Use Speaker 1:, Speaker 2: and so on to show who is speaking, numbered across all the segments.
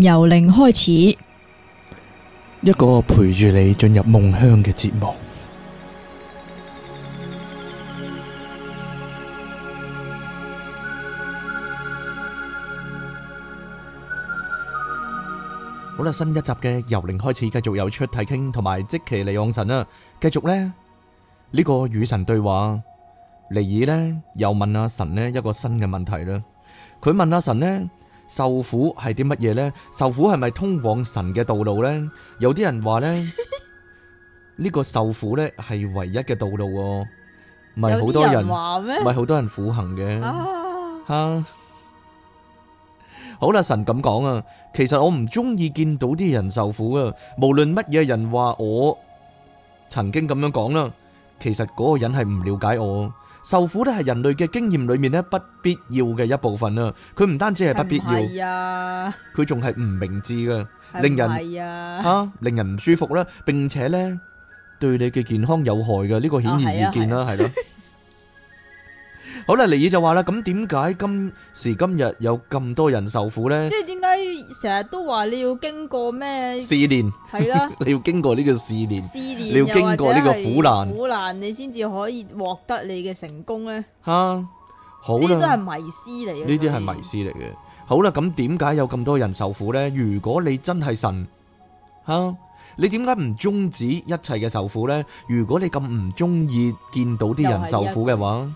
Speaker 1: 由零開
Speaker 2: 始，一個陪住你進入夢鄉嘅節目。好啦，新一集嘅由零開始，繼續有出題傾同埋即其利望神啦。繼續呢，呢、呢個與神對話，尼爾呢又問阿神呢一個新嘅問題啦。佢問阿神呢。受苦係啲乜嘢咧？受苦係咪通往神嘅道路咧？有啲人話咧，呢 個受苦咧，係唯一嘅道路喎，唔係好多人，唔係 好多人苦行嘅。吓，好啦，神咁講啊，其實我唔中意見到啲人受苦啊，無論乜嘢人話我曾經咁樣講啦，其實嗰個人係唔了解我。受苦咧係人類嘅經驗裏面咧不必要嘅一部分啊。佢唔單止係不必要，佢仲係唔明智噶、啊啊，令人吓，令人唔舒服啦，並且咧對你嘅健康有害嘅，呢、這個顯而易見啦，係咯、哦。是 好啦，尼爾就話啦，咁點解今時今日有咁多人受苦咧？即係
Speaker 1: 點解成日都話你要經過咩試
Speaker 2: 煉？係啦，你要經過呢個試煉，試煉，你要經過呢個苦難，苦
Speaker 1: 難，你先至可以獲得你嘅成功咧。
Speaker 2: 吓，好啦，呢啲都係
Speaker 1: 迷思嚟嘅。呢啲
Speaker 2: 係迷思嚟嘅。好啦，咁點解有咁多人受苦咧？如果你真係神，吓，你點解唔終止一切嘅受苦咧？如果你咁唔中意見到啲人受苦嘅話？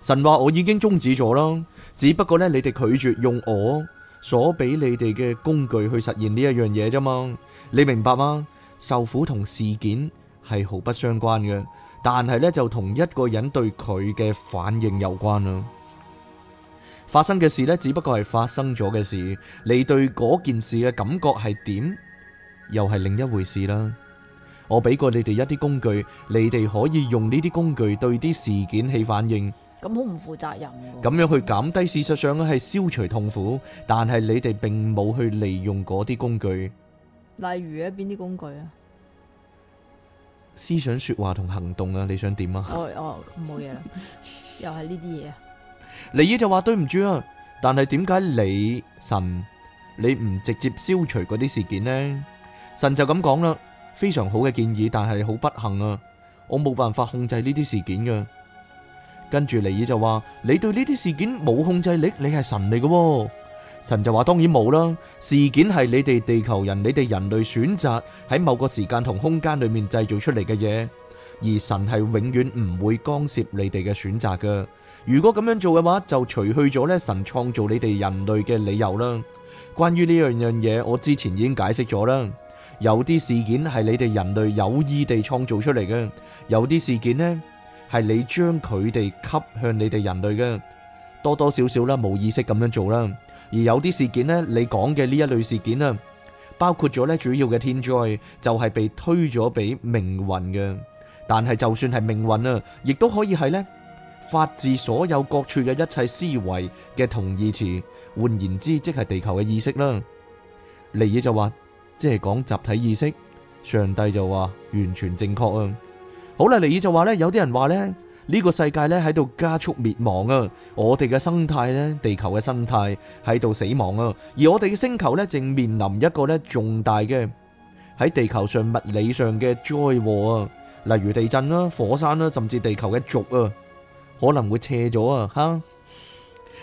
Speaker 2: 神話我已經終止咗囉，只不過咧，你哋拒絕用我所俾你哋嘅工具去實現呢一樣嘢啫嘛。你明白嗎？受苦同事件係毫不相關嘅，但係咧就同一個人對佢嘅反應有關啦。發生嘅事咧，只不過係發生咗嘅事，你對嗰件事嘅感覺係點，又係另一回事啦。我俾過你哋一啲工具，你哋可以用呢啲工具對啲事件起反應。
Speaker 1: 咁好唔負責
Speaker 2: 任。咁樣去減低，事實上係消除痛苦，但係你哋並冇去利用嗰啲工具。
Speaker 1: 例如，邊啲工具啊？
Speaker 2: 思想、說話同行動啊？你想點啊？我我
Speaker 1: 冇嘢啦，又係呢啲嘢。
Speaker 2: 尼爾就話：對唔住啊，但係點解你神你唔直接消除嗰啲事件呢？神就咁講啦，非常好嘅建議，但係好不幸啊，我冇辦法控制呢啲事件噶。跟住尼爾就話：你對呢啲事件冇控制力，你係神嚟嘅，哦。神就話：當然冇啦，事件係你哋地球人、你哋人類選擇喺某個時間同空間裏面制造出嚟嘅嘢，而神係永遠唔會干涉你哋嘅選擇嘅。如果咁樣做嘅話，就除去咗咧神創造你哋人類嘅理由啦。關於呢樣樣嘢，我之前已經解釋咗啦。有啲事件係你哋人類有意地創造出嚟嘅，有啲事件呢？係你將佢哋吸向你哋人類嘅，多多少少啦，冇意識咁樣做啦。而有啲事件呢，你講嘅呢一類事件啊，包括咗呢主要嘅天災，就係、是、被推咗俾命運嘅。但係就算係命運啊，亦都可以係呢，發自所有各處嘅一切思維嘅同義詞。換言之，即係地球嘅意識啦。尼爾就話，即係講集體意識。上帝就話，完全正確啊。好啦，尼爾就話咧，有啲人話咧，呢個世界咧喺度加速滅亡啊，我哋嘅生態咧，地球嘅生態喺度死亡啊，而我哋嘅星球咧正面臨一個咧重大嘅喺地球上物理上嘅災禍啊，例如地震啦、火山啦，甚至地球嘅軸啊，可能會斜咗啊，吓，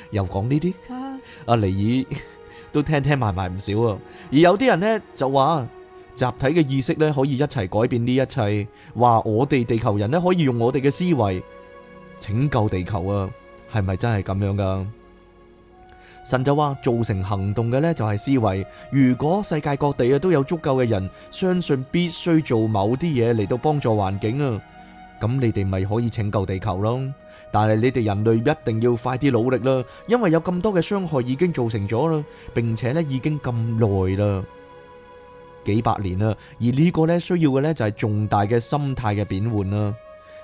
Speaker 2: 又講呢啲，阿尼爾都聽聽埋埋唔少啊，而有啲人咧就話。集體嘅意識咧，可以一齊改變呢一切。話我哋地球人咧，可以用我哋嘅思維拯救地球啊？係咪真係咁樣噶？神就話造成行動嘅咧，就係思維。如果世界各地啊都有足夠嘅人相信，必須做某啲嘢嚟到幫助環境啊，咁你哋咪可以拯救地球咯。但係你哋人類一定要快啲努力啦，因為有咁多嘅傷害已經造成咗啦，並且咧已經咁耐啦。幾百年啦，而呢個呢需要嘅，呢就係重大嘅心態嘅變換啦，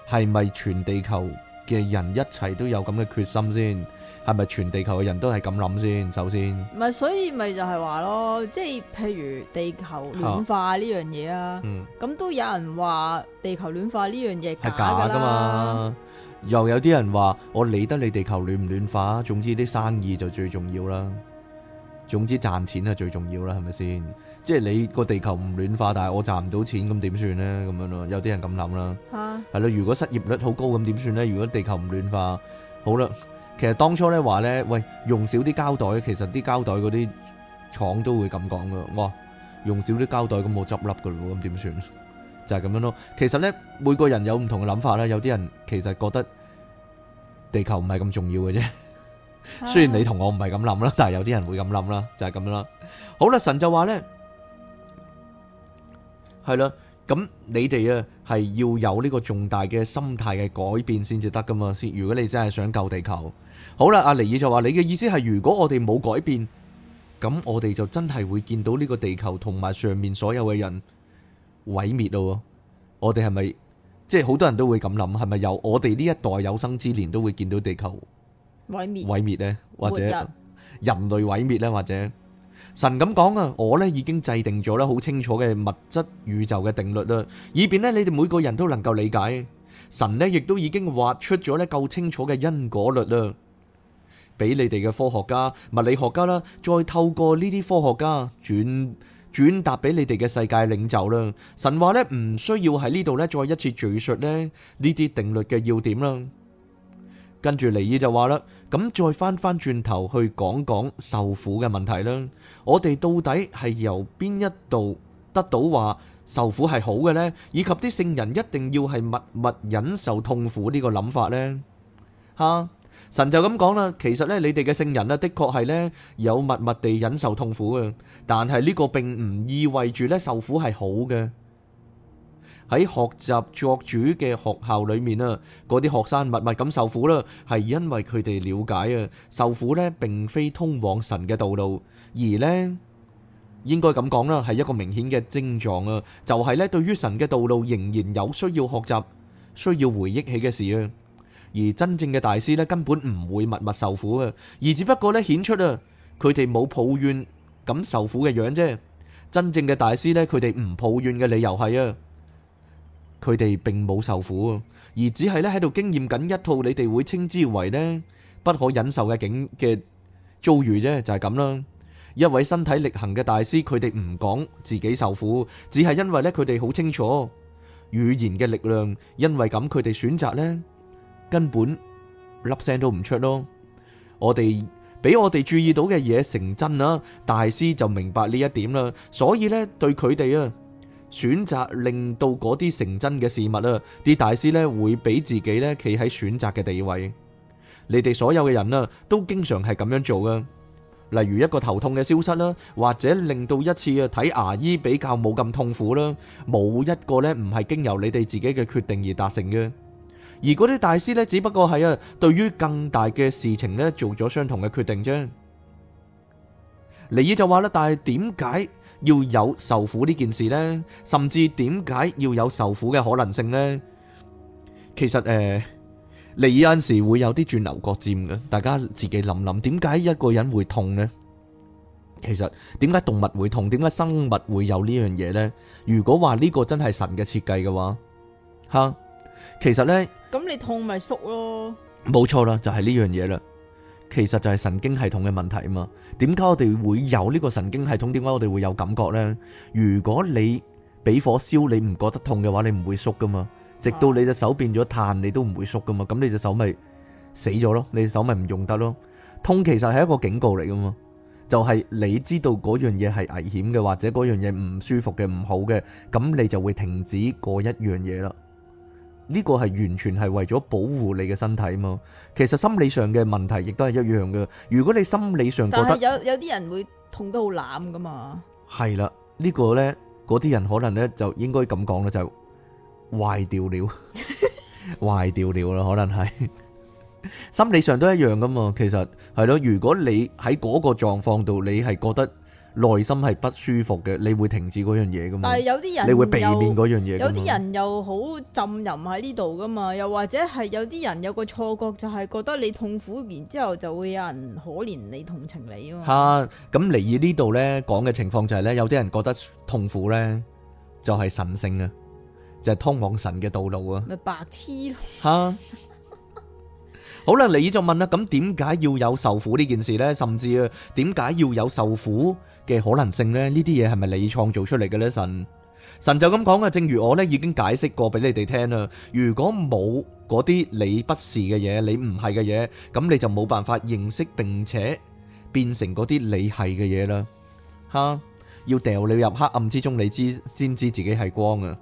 Speaker 2: 係咪全地球嘅人一齊都有咁嘅決心先？係咪全地球嘅人都係咁諗先？首先，
Speaker 1: 唔係所以咪就係話咯，即係譬如地球暖化呢樣嘢啊，咁、嗯、都有人話地球暖化呢樣嘢係假噶嘛，
Speaker 2: 又有啲人話我理得你地球暖唔暖化啊，總之啲生意就最重要啦。總之賺錢係最重要啦，係咪先？即係你個地球唔暖化，但係我賺唔到錢，咁點算呢？咁樣咯，有啲人咁諗啦。吓係咯，如果失業率好高，咁點算呢？如果地球唔暖化，好啦。其實當初咧話呢，喂，用少啲膠袋，其實啲膠袋嗰啲廠都會咁講噶。我用少啲膠袋，咁我執笠噶咯，咁點算？就係、是、咁樣咯。其實呢，每個人有唔同嘅諗法呢，有啲人其實覺得地球唔係咁重要嘅啫。雖然你同我唔係咁諗啦，但係有啲人會咁諗啦，就係咁啦。好啦，神就話呢，係啦，咁你哋啊係要有呢個重大嘅心態嘅改變先至得噶嘛？先如果你真係想救地球，好啦，阿尼爾就話你嘅意思係，如果我哋冇改變，咁我哋就真係會見到呢個地球同埋上面所有嘅人毀滅咯。我哋係咪即係好多人都會咁諗？係咪由我哋呢一代有生之年都會見到地球？毀滅呢，或者人類毀滅呢，或者神咁講啊，我呢已經制定咗呢好清楚嘅物質宇宙嘅定律啦，以便呢，你哋每個人都能夠理解。神呢亦都已經畫出咗呢夠清楚嘅因果律啦，俾你哋嘅科學家、物理學家啦，再透過呢啲科學家轉轉達俾你哋嘅世界領袖啦。神話呢，唔需要喺呢度呢再一次敘述呢呢啲定律嘅要點啦。跟住尼爾就話啦，咁再翻翻轉頭去講講受苦嘅問題啦。我哋到底係由邊一度得到話受苦係好嘅呢？以及啲聖人一定要係默默忍受痛苦呢個諗法呢？吓，神就咁講啦。其實咧，你哋嘅聖人呢，的確係呢，有默默地忍受痛苦嘅，但係呢個並唔意味住呢，受苦係好嘅。喺學習作主嘅學校裏面啊，嗰啲學生默默咁受苦啦，係因為佢哋了解啊，受苦呢並非通往神嘅道路，而呢應該咁講啦，係一個明顯嘅症狀啊，就係呢對於神嘅道路仍然有需要學習，需要回憶起嘅事啊。而真正嘅大師呢，根本唔會默默受苦啊，而只不過呢顯出啊佢哋冇抱怨咁受苦嘅樣啫。真正嘅大師呢，佢哋唔抱怨嘅理由係啊。佢哋並冇受苦啊，而只係咧喺度經驗緊一套你哋會稱之為呢不可忍受嘅境嘅遭遇啫，就係咁啦。一位身體力行嘅大師，佢哋唔講自己受苦，只係因為呢佢哋好清楚語言嘅力量，因為咁佢哋選擇呢根本粒聲都唔出咯。我哋俾我哋注意到嘅嘢成真啦，大師就明白呢一點啦，所以呢對佢哋啊，選擇令到嗰啲成真嘅事物啦，啲大師呢會俾自己咧企喺選擇嘅地位。你哋所有嘅人啦，都經常係咁樣做噶。例如一個頭痛嘅消失啦，或者令到一次啊睇牙醫比較冇咁痛苦啦，冇一個呢唔係經由你哋自己嘅決定而達成嘅。而嗰啲大師呢，只不過係啊，對於更大嘅事情呢做咗相同嘅決定啫。尼爾就話啦，但係點解？要有受苦呢件事呢，甚至點解要有受苦嘅可能性呢？其實誒，你有陣時會有啲轉牛角尖嘅，大家自己諗諗，點解一個人會痛呢？其實點解動物會痛？點解生物會有呢樣嘢呢？如果話呢個真係神嘅設計嘅話，吓，其實呢，
Speaker 1: 咁你痛咪縮咯，
Speaker 2: 冇錯啦，就係呢樣嘢啦。其實就係神經系統嘅問題啊嘛，點解我哋會有呢個神經系統？點解我哋會有感覺呢？如果你俾火燒，你唔覺得痛嘅話，你唔會縮噶嘛。直到你隻手變咗炭，你都唔會縮噶嘛。咁你隻手咪死咗咯，你隻手咪唔用得咯。痛其實係一個警告嚟噶嘛，就係你知道嗰樣嘢係危險嘅，或者嗰樣嘢唔舒服嘅，唔好嘅，咁你就會停止嗰一樣嘢啦。呢個係完全係為咗保護你嘅身體嘛。其實心理上嘅問題亦都係一樣嘅。如果你心理上覺得有
Speaker 1: 有啲人會痛得好攬㗎嘛，
Speaker 2: 係啦。呢個呢，嗰啲人可能呢就應該咁講啦，就壞掉了，壞掉了啦。可能係心理上都一樣㗎嘛。其實係咯，如果你喺嗰個狀況度，你係覺得內心係不舒服嘅，你會停止嗰樣嘢噶嘛？但係有啲人，你會避免嗰樣嘢。有啲人
Speaker 1: 又好浸淫喺呢度噶嘛，又或者係有啲人有個錯覺，就係覺得你痛苦，然之後就會有人可憐你、同情你啊嘛。嚇！
Speaker 2: 咁嚟以呢度咧講嘅情況就係咧，有啲人覺得痛苦咧就係神聖啊，就係通往神嘅道路啊。
Speaker 1: 咪白痴咯！
Speaker 2: 嚇！好啦，尼爾就問啦，咁點解要有受苦呢件事咧？甚至啊，點解要有受苦嘅可能性咧？呢啲嘢係咪你創造出嚟嘅咧？神神就咁講啊，正如我咧已經解釋過俾你哋聽啦。如果冇嗰啲你不是嘅嘢，你唔係嘅嘢，咁你就冇辦法認識並且變成嗰啲你係嘅嘢啦。吓，要掉你入黑暗之中，你知先知自己係光啊。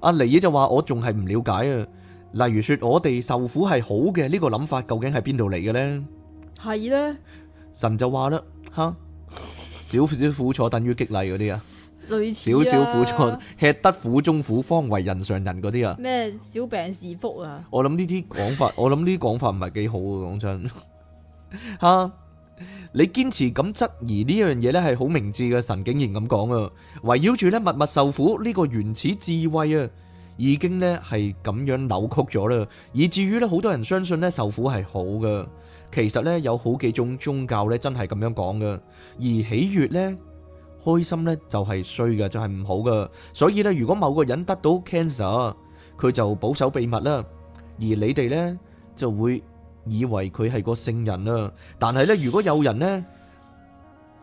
Speaker 2: 阿尼爾就話：我仲係唔了解啊。例如說，我哋受苦係好嘅，呢個諗法究竟係邊度嚟嘅呢？
Speaker 1: 係咧呢，
Speaker 2: 神就話啦，吓，少少苦楚等於激勵嗰啲啊，
Speaker 1: 類似啊，少少苦楚，
Speaker 2: 吃得苦中苦方，方為人上人嗰啲啊，
Speaker 1: 咩小病是福啊？
Speaker 2: 我諗呢啲講法，我諗呢啲講法唔係幾好啊！講真，吓， 你堅持咁質疑呢樣嘢呢，係好明智嘅神竟然咁講啊！圍繞住呢默默受苦呢個原始智慧啊！已經咧係咁樣扭曲咗啦，以至於咧好多人相信咧受苦係好嘅。其實咧有好幾種宗教咧真係咁樣講嘅，而喜悅咧、開心咧就係衰嘅，就係唔好嘅。所以咧，如果某個人得到 cancer，佢就保守秘密啦，而你哋咧就會以為佢係個聖人啦。但係咧，如果有人咧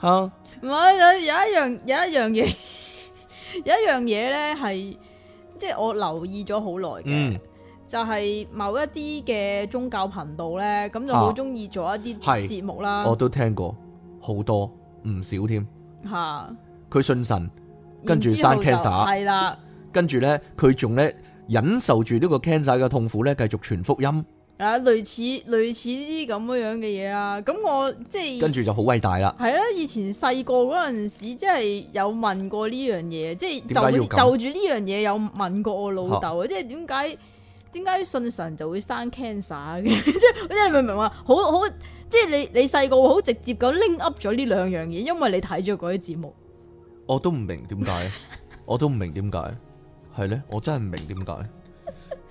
Speaker 2: 吓，
Speaker 1: 唔係有有一樣有一樣嘢有一樣嘢咧係。即係我留意咗好耐嘅，嗯、就係某一啲嘅宗教頻道咧，咁、啊、就好中意做一啲節目啦。我
Speaker 2: 都聽過好多唔少添。吓、啊，佢信神，跟住生 cancer，係啦，病跟住咧佢仲咧忍受住呢個 cancer 嘅痛苦咧，繼續傳福音。
Speaker 1: 啊，類似類似呢啲咁樣樣嘅嘢啊！咁我即係跟住
Speaker 2: 就好偉大啦。係
Speaker 1: 啊，以前細個嗰陣時，即係有問過呢樣嘢，即係就就住呢樣嘢有問過我老豆，啊，即係點解點解信神就會生 cancer 嘅？即係即係你明唔明啊？好好，即係你你細個會好直接咁拎 up 咗呢兩樣嘢，因為你睇咗嗰啲節目。
Speaker 2: 我都唔明點解，我都唔明點解，係咧，我真係唔明點解，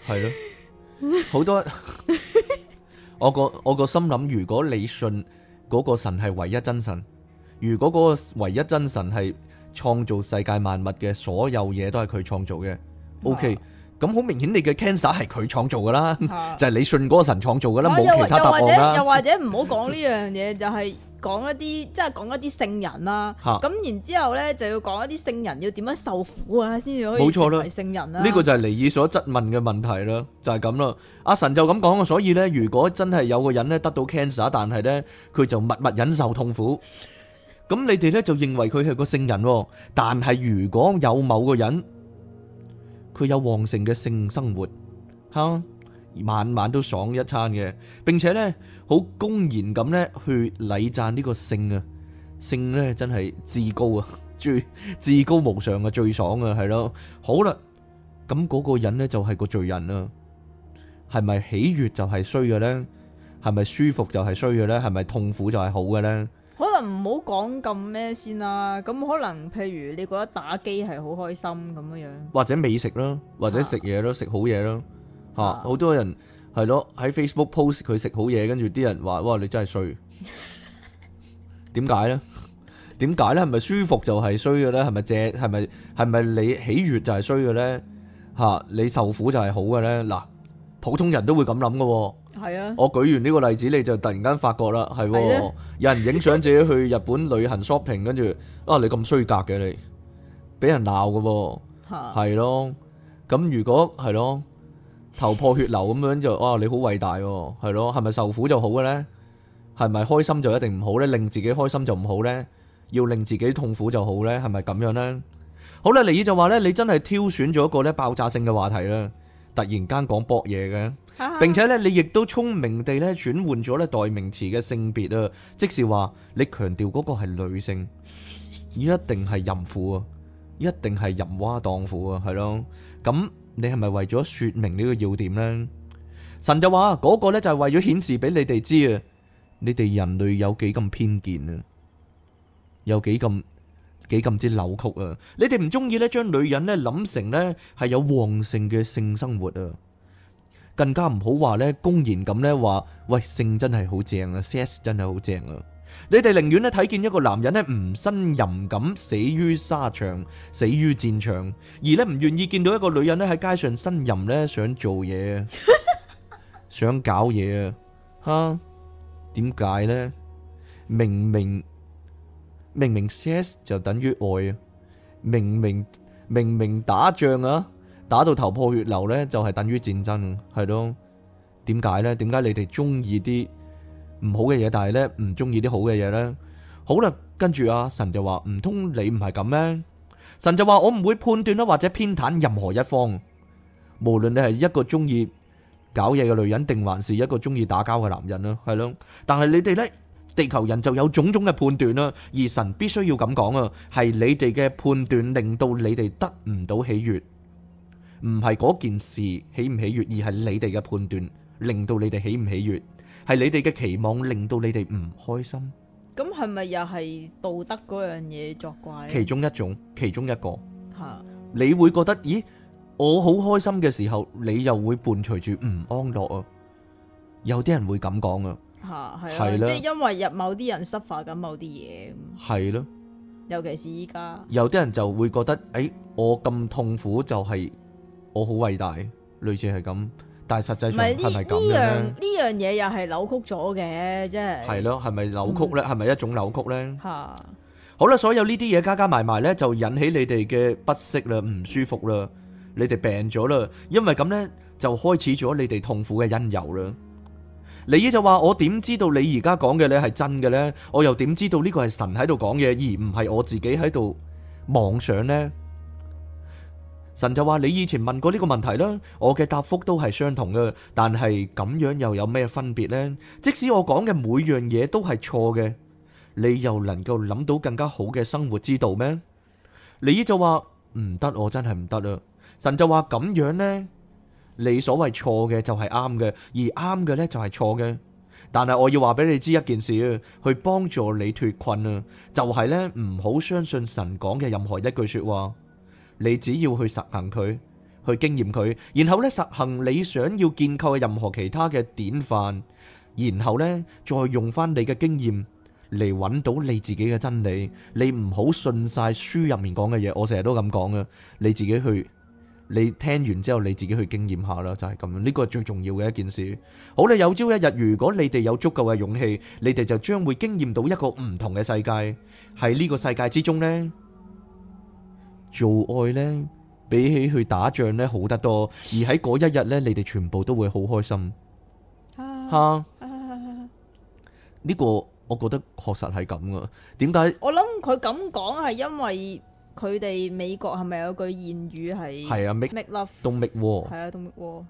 Speaker 2: 係 咯。他 progress 好多， 我個我個心諗，如果你信嗰個神係唯一真神，如果嗰個唯一真神係創造世界萬物嘅，所有嘢都係佢創造嘅，O K。 okay. 咁好明顯，你嘅 cancer 係佢創造噶啦，就係你信嗰個神創造噶啦，冇其他答案啦。又或者，又或
Speaker 1: 者唔好講呢樣嘢，就係講一啲，即係講一啲聖人啦。咁然之後咧，就要講一啲聖人要點樣受苦啊，先至可以冇錯，係聖人啦。呢個
Speaker 2: 就係尼爾所質問嘅問題啦，就係咁啦。阿神就咁講啊，所以咧，如果真係有個人咧得到 cancer，但係咧佢就默默忍受痛苦，咁你哋咧就認為佢係個聖人，但係如果有某個人。佢有旺盛嘅性生活，吓晚晚都爽一餐嘅，並且咧好公然咁咧去禮讚呢個性啊，性咧真係至高啊，最至高無上嘅最爽啊，係咯，好啦，咁嗰個人咧就係個罪人啦，係咪喜悅就係衰嘅咧？係咪舒服就係衰嘅咧？係咪痛苦就係好嘅咧？
Speaker 1: 可能唔好講咁咩先啦，咁可能譬如你覺得打機係好開心咁樣樣，
Speaker 2: 或者美食咯，或者食嘢咯，食、啊、好嘢咯，吓、啊、好、啊、多人係咯，喺 Facebook post 佢食好嘢，跟住啲人話哇你真係衰，點解咧？點解咧？係咪舒服就係衰嘅咧？係咪借？係咪係咪你喜悅就係衰嘅咧？吓、啊、你受苦就係好嘅咧？嗱、啊，普通人都會咁諗噶。係啊！我舉完呢個例子，你就突然間發覺啦，係有人影相自己去日本旅行 shopping，跟住啊你咁衰格嘅你，俾人鬧嘅喎，係咯，咁如果係咯，頭破血流咁樣就啊你好偉大喎，係咯，係咪受苦就好嘅呢？係咪開心就一定唔好呢？令自己開心就唔好呢？要令自己痛苦就好呢？係咪咁樣呢？好啦，尼爾就話呢，你真係挑選咗一個呢爆炸性嘅話題呢，突然間講博嘢嘅。並且咧，你亦都聰明地咧轉換咗咧代名詞嘅性別啊，即是話你強調嗰個係女性，一定係淫婦啊，一定係淫娃蕩婦啊，係咯？咁你係咪為咗說明呢個要點呢？神就話嗰個咧就係為咗顯示俾你哋知啊，你哋人類有幾咁偏見啊，有幾咁幾咁之扭曲啊？你哋唔中意咧將女人咧諗成咧係有旺盛嘅性生活啊？更加唔好話咧，公然咁咧話，喂，性真係好正啊，sex 真係好正啊！你哋寧願咧睇見一個男人咧唔呻吟咁死於沙場，死於戰場，而咧唔願意見到一個女人咧喺街上呻吟咧想做嘢啊，想搞嘢啊！哈，點解咧？明明明明 sex 就等於愛啊！明明明明打仗啊！打到頭破血流呢，就係等於戰爭，係咯？點解呢？點解你哋中意啲唔好嘅嘢，但係呢唔中意啲好嘅嘢呢？好啦，跟住啊，神就話唔通你唔係咁咩？神就話我唔會判斷啦，或者偏袒任何一方，無論你係一個中意搞嘢嘅女人，定還是一個中意打交嘅男人啦，係咯？但係你哋呢，地球人就有種種嘅判斷啦，而神必須要咁講啊，係你哋嘅判斷令到你哋得唔到喜悦。唔係嗰件事喜唔喜悅，而係你哋嘅判斷令到你哋喜唔喜悅，係你哋嘅期望令到你哋唔開心。
Speaker 1: 咁係咪又係道德嗰樣嘢作怪？其
Speaker 2: 中一種，其中一個
Speaker 1: 吓，
Speaker 2: 的你會覺得，咦，我好開心嘅時候，你又會伴隨住唔安樂啊？有啲人會咁講啊，
Speaker 1: 吓係啊，的即係因為入某啲人 suffer 緊某啲嘢，係咯的，尤其是依家，
Speaker 2: 有啲人就會覺得，誒、哎，我咁痛苦就係、是。我好偉大，類似係咁，但係實際上係唔係咁嘅咧？
Speaker 1: 呢樣嘢又係扭曲咗嘅，即係係
Speaker 2: 咯，係咪扭曲咧？係咪一種扭曲咧？吓，好啦，所有呢啲嘢加加埋埋咧，就引起你哋嘅不適啦，唔舒服啦，你哋病咗啦，因為咁咧就開始咗你哋痛苦嘅因由啦。你呢就話：我點知道你而家講嘅咧係真嘅咧？我又點知道呢個係神喺度講嘢，而唔係我自己喺度妄想咧？神就話：你以前問過呢個問題啦，我嘅答覆都係相同嘅，但係咁樣又有咩分別呢？即使我講嘅每樣嘢都係錯嘅，你又能夠諗到更加好嘅生活之道咩？你就話唔得，我真係唔得啦。神就話咁樣呢，你所謂錯嘅就係啱嘅，而啱嘅呢就係錯嘅。但係我要話俾你知一件事啊，去幫助你脫困啊，就係呢，唔好相信神講嘅任何一句說話。你只要去實行佢，去經驗佢，然後咧實行你想要建構嘅任何其他嘅典範，然後咧再用翻你嘅經驗嚟揾到你自己嘅真理。你唔好信晒書入面講嘅嘢，我成日都咁講㗎。你自己去，你聽完之後你自己去經驗下啦，就係咁樣。呢個係最重要嘅一件事。好啦，有朝一日如果你哋有足夠嘅勇氣，你哋就將會經驗到一個唔同嘅世界。喺呢個世界之中呢。做愛呢，比起去打仗呢，好得多。而喺嗰一日呢，你哋全部都會好開心。
Speaker 1: 吓，
Speaker 2: 呢個我覺得確實係咁噶。點解？
Speaker 1: 我諗佢咁講係因為佢哋美國係咪有句諺語係？係啊，make love，
Speaker 2: 動力鍋。係啊，動力鍋。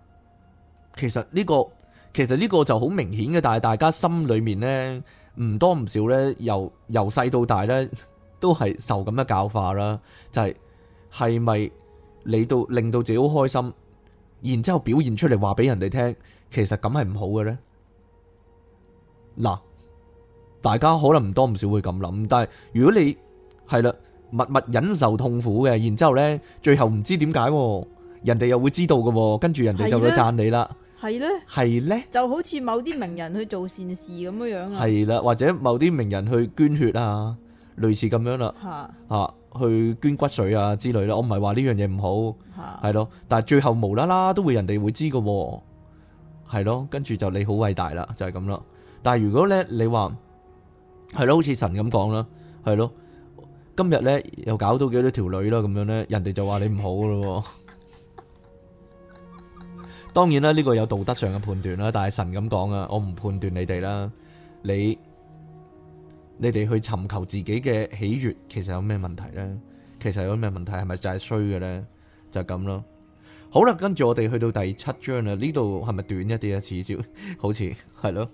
Speaker 2: 其實呢個其實呢個就好明顯嘅，但係大家心裏面呢，唔多唔少呢，由由細到大呢，都係受咁嘅教化啦，就係、是。係咪你到令到自己好開心，然之後表現出嚟，話俾人哋聽，其實咁係唔好嘅呢？嗱，大家可能唔多唔少會咁諗，但係如果你係啦，默默忍受痛苦嘅，然之後咧，最後唔知點解，人哋又會知道嘅，跟住人哋就會讚你啦，
Speaker 1: 係呢？
Speaker 2: 係呢？
Speaker 1: 就好似某啲名人去做善事咁樣樣啊，係
Speaker 2: 啦，或者某啲名人去捐血啊，類似咁樣啦，吓吓的。啊去捐骨髓啊之類啦，我唔係話呢樣嘢唔好，係咯、啊，但係最後無啦啦都會人哋會知嘅喎，係咯，跟住就你好偉大啦，就係咁啦。但係如果咧你話係咯，好似神咁講啦，係咯，今日咧又搞到幾多條女啦咁樣咧，人哋就話你唔好嘅咯。 當然啦，呢、呢個有道德上嘅判斷啦，但係神咁講啊，我唔判斷你哋啦，你。你哋去尋求自己嘅喜悅，其實有咩問題呢？其實有咩問題係咪就係衰嘅呢？就咁咯。好啦，跟住我哋去到第七章啦。呢度係咪短一啲啊？似少好似係咯，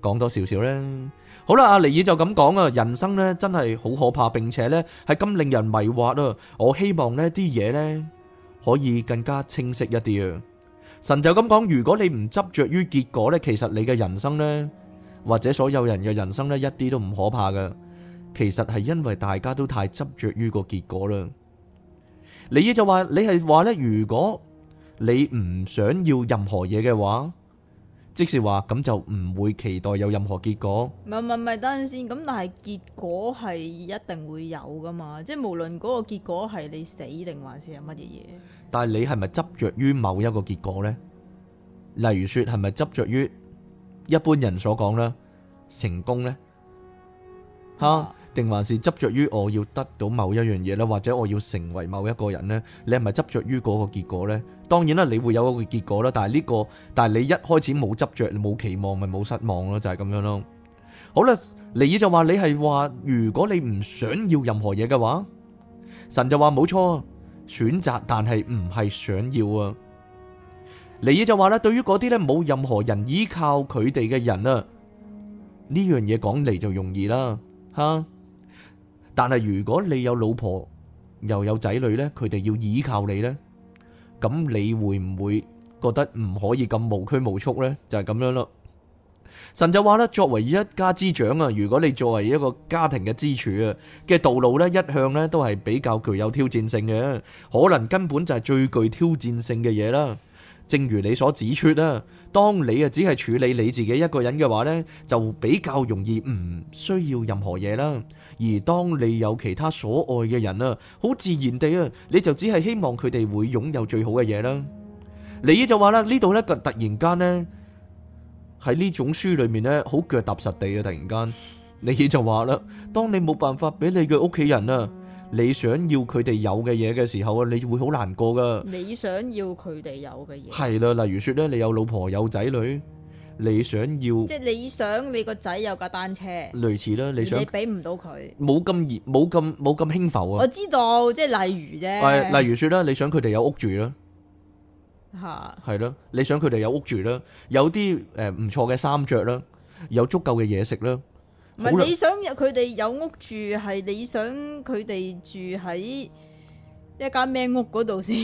Speaker 2: 講 多少少咧。好啦，阿尼爾就咁講啊，人生呢，真係好可怕，並且呢係咁令人迷惑啊。我希望呢啲嘢呢，可以更加清晰一啲啊。神就咁講，如果你唔執着於結果呢，其實你嘅人生呢……」或者所有人嘅人生呢，一啲都唔可怕嘅，其實係因為大家都太執着於個結果啦。你就話：你係話呢？如果你唔想要任何嘢嘅話，即是話咁就唔會期待有任何結果。
Speaker 1: 唔係唔係，等陣先。咁但係結果係一定會有噶嘛？即係無論嗰個結果係你死定還是係乜嘢嘢。
Speaker 2: 但係你係咪執着於某一個結果呢？例如說係咪執着於？一般人所講啦，成功呢？吓定、啊、還是執着於我要得到某一樣嘢呢，或者我要成為某一個人呢？你係咪執着於嗰個結果呢？當然啦，你會有一個結果啦，但係呢個，但係你一開始冇執着，你冇期望，咪冇失望咯，就係咁樣咯。好啦，尼爾就話你係話，如果你唔想要任何嘢嘅話，神就話冇錯，選擇，但係唔係想要啊。你呢就話啦，對於嗰啲咧冇任何人依靠佢哋嘅人啊，呢樣嘢講嚟，就容易啦吓。但係如果你有老婆又有仔女呢，佢哋要依靠你呢，咁你會唔會覺得唔可以咁無拘無束呢？就係、是、咁樣咯。神就話啦，作為一家之長啊，如果你作為一個家庭嘅支柱啊嘅道路咧，一向咧都係比較具有挑戰性嘅，可能根本就係最具挑戰性嘅嘢啦。正如你所指出啦，當你啊只係處理你自己一個人嘅話呢，就比較容易，唔需要任何嘢啦。而當你有其他所愛嘅人啦，好自然地啊，你就只係希望佢哋會擁有最好嘅嘢啦。你就話啦，呢度咧，突然間呢，喺呢種書裏面呢，好腳踏實地啊！突然間，然間你就話啦，當你冇辦法俾你嘅屋企人啊，你想要佢哋有嘅嘢嘅時候啊，你會好難過噶。你
Speaker 1: 想要佢哋有
Speaker 2: 嘅嘢係啦，例如說咧，你有老婆有仔女，你想要即係
Speaker 1: 你想你個仔有架單車
Speaker 2: 類似啦，你想你俾唔到佢冇咁熱冇咁冇咁輕浮啊。我
Speaker 1: 知道，即係例如啫。誒，例如
Speaker 2: 說咧，你想佢哋有屋住啦，
Speaker 1: 吓
Speaker 2: 係咯，你想佢哋有屋住啦，有啲誒唔錯嘅衫着啦，有足夠嘅嘢食啦。唔係你想
Speaker 1: 佢哋有屋住，係你想佢哋住喺一間咩屋嗰度先？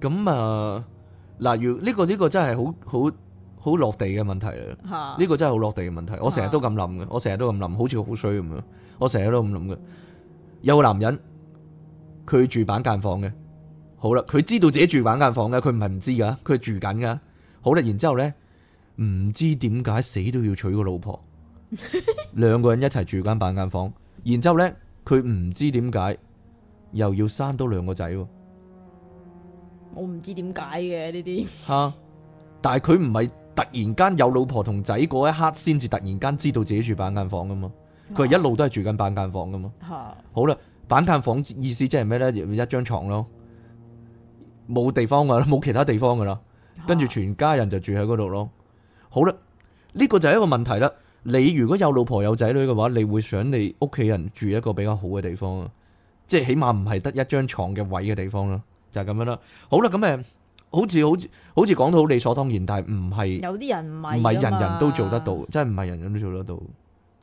Speaker 2: 咁 啊，嗱，如、呢、呢個呢、呢個真係好好好落地嘅問題啊！呢個真係好落地嘅問題，我成日都咁諗嘅，我成日都咁諗，好似好衰咁樣，我成日都咁諗嘅。有個男人佢住板間房嘅，好啦，佢知道自己住板間房嘅，佢唔係唔知噶，佢住緊噶，好啦，然之後咧唔知點解死都要娶個老婆。 兩個人一齊住間板間房，然之後咧，佢唔知點解又要生多兩個仔。我
Speaker 1: 唔知點解嘅呢啲
Speaker 2: 吓， 但係佢唔係突然間有老婆同仔嗰一刻先至突然間知道自己住板間房噶嘛？佢係一路都係住緊板間房噶嘛？啊、好啦，板間房意思即係咩咧？一張床咯，冇地方噶啦，冇其他地方噶啦，跟住全家人就住喺嗰度咯。好啦，呢個就係一個問題啦。你如果有老婆有仔女嘅話，你會想你屋企人住一個比較好嘅地方，即係起碼唔係得一張床嘅位嘅地方咯，就係咁樣啦。好啦，咁誒，好似好似好似講到好理所當然，但係唔係，有啲人唔係，唔係人人都做得到，即係唔係人人都做得到，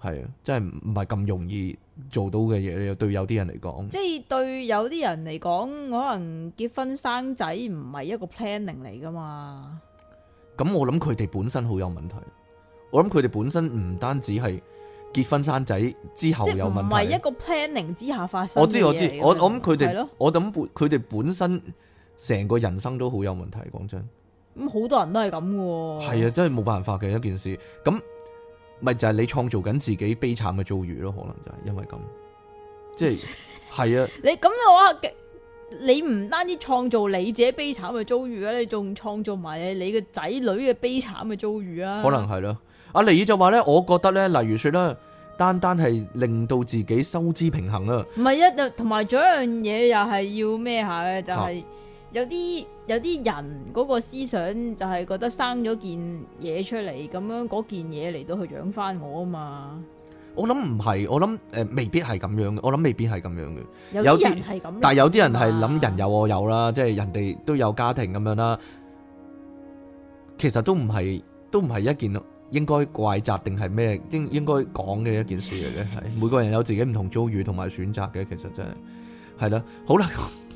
Speaker 2: 係啊，即係唔係咁容易做到嘅嘢，對有啲人嚟講，即
Speaker 1: 係對有啲人嚟講，可能結婚生仔唔係一個 planning 嚟噶嘛。
Speaker 2: 咁我諗佢哋本身好有問題。我諗佢哋本身唔單止係結婚生仔之後有問題，
Speaker 1: 即唔係一個 planning 之下發生嘅事我。我知我知，我的我諗佢哋，
Speaker 2: 我諗佢哋本身成個人生都好有問題。講真，咁
Speaker 1: 好多人都係咁嘅，係啊，
Speaker 2: 真係冇辦法嘅一件事。咁咪就係、是、你創造緊自己悲慘嘅遭遇咯？可能就係因為咁，即係，係
Speaker 1: 啊。 你咁嘅話，你唔單止創造你自己悲慘嘅遭遇啊，你仲創造埋你嘅仔女嘅悲慘嘅遭遇啊。可能
Speaker 2: 係咯。阿李就話咧，我覺得咧，例如說咧，單單係令到自己收支平衡啊，
Speaker 1: 唔係一，同埋仲有一樣嘢，又係要咩下咧，就係有啲有啲人嗰個思想就係覺得生咗件嘢出嚟，咁樣嗰件嘢嚟到去養翻我啊嘛。
Speaker 2: 我諗唔係，我諗誒，未必係咁樣嘅。我諗未必係咁樣嘅。有啲人係咁，但係有啲人係諗人有我有啦，即係人哋都有家庭咁樣啦，其實都唔係，都唔係一件咯。應該怪責定係咩？應應該講嘅一件事嚟嘅，係每個人有自己唔同遭遇同埋選擇嘅，其實真係係啦。好啦，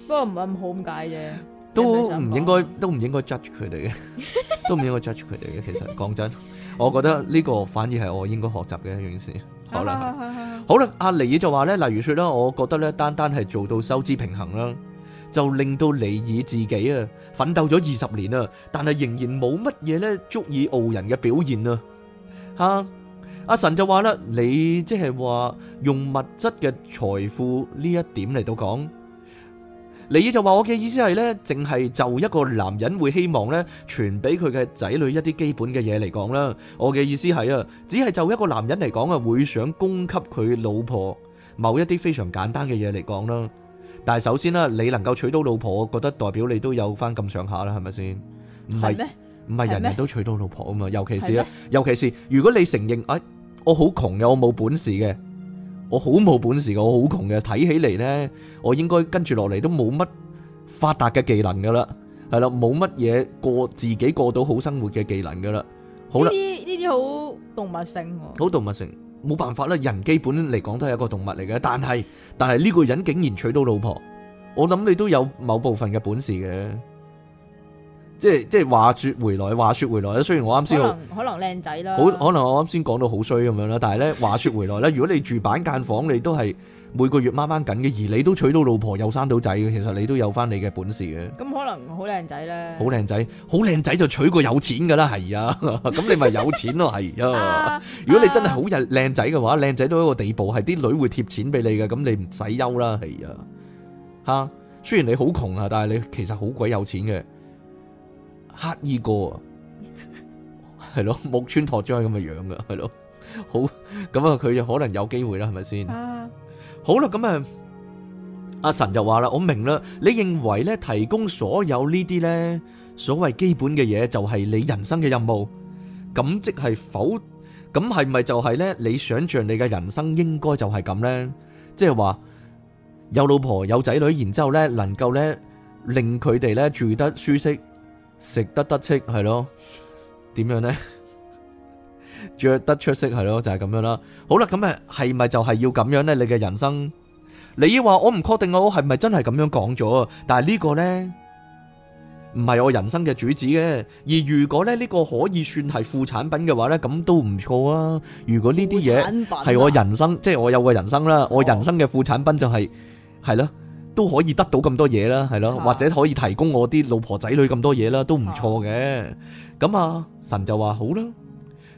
Speaker 2: 不
Speaker 1: 過唔係咁好咁解啫，
Speaker 2: 都唔應該 都唔應該 judge 佢哋嘅，都唔應該 judge 佢哋嘅。其實講真，我覺得呢個反而係我應該學習嘅一件事。好啦， 好啦， 阿尼爾就話咧，例如說啦，我覺得咧，單單係做到收支平衡啦。就令到尼爾自己啊奮鬥咗二十年啊，但係仍然冇乜嘢咧足以傲人嘅表現啊！阿、啊、阿神就話啦，你即係話用物質嘅財富呢一點嚟到講，尼爾就話我嘅意思係咧，淨係就一個男人會希望咧傳俾佢嘅仔女一啲基本嘅嘢嚟講啦。我嘅意思係啊，只係就一個男人嚟講啊，會想供給佢老婆某一啲非常簡單嘅嘢嚟講啦。但係首先啦，你能夠娶到老婆，我覺得代表你都有返咁上下啦，係咪先？唔係唔係人人都娶到老婆啊嘛？尤其是啊，是嗎尤其是如果你承認誒、哎，我好窮嘅，我冇本事嘅，我好冇本事嘅，我好窮嘅，睇起嚟咧，我應該跟住落嚟都冇乜發達嘅技能噶啦，係啦，冇乜嘢過自己過到好生活嘅技能噶啦。好啦，
Speaker 1: 呢啲呢啲好動物性，
Speaker 2: 好動物性。冇辦法啦，人基本嚟講都係一個動物嚟嘅，但係，但係呢個人竟然娶到老婆，我諗你都有某部分嘅本事嘅。即係即係話說回來，話說回來咧，雖然我啱先可
Speaker 1: 能靚仔啦，可
Speaker 2: 能我啱先講到好衰咁樣啦，但係咧，話說回來咧，如果你住板間房，你都係每個月掹掹緊嘅，而你都娶到老婆，又生到仔嘅，其實你都有翻你嘅本事嘅。
Speaker 1: 咁可能好靚仔啦，好
Speaker 2: 靚仔，好靚仔就娶個有錢噶啦，係啊，咁 你咪有錢咯，係啊。 啊，如果你真係好靚仔嘅話，靚仔到一個地步，係啲女會貼錢俾你嘅，咁你唔使憂啦，係啊。吓， 雖然你好窮啊，但係你其實好鬼有錢嘅。刻意哥啊，係咯， 木村拓哉咁嘅樣嘅，係咯，好咁啊，佢就可能有機會啦，係咪先？啊、好啦，咁啊，阿神就話啦，我明啦，你認為咧提供所有呢啲咧所謂基本嘅嘢，就係你人生嘅任務，咁即係否？咁係咪就係咧？你想象你嘅人生應該就係咁咧？即係話有老婆有仔女，然之後咧能夠咧令佢哋咧住得舒適。食得得戚，係咯，點樣咧？着 得出色係咯，就係、是、咁樣啦。好啦，咁啊，係咪就係要咁樣咧？你嘅人生，你話我唔確定我係咪真係咁樣講咗，但係呢個咧，唔係我人生嘅主旨嘅。而如果咧呢個可以算係副產品嘅話咧，咁都唔錯啊。如果呢啲嘢係我人生，即係我有個人生啦，哦、我人生嘅副產品就係、是，係咯。都可以得到咁多嘢啦，係咯，或者可以提供我啲老婆仔女咁多嘢啦，都唔錯嘅。咁啊，神就話好啦，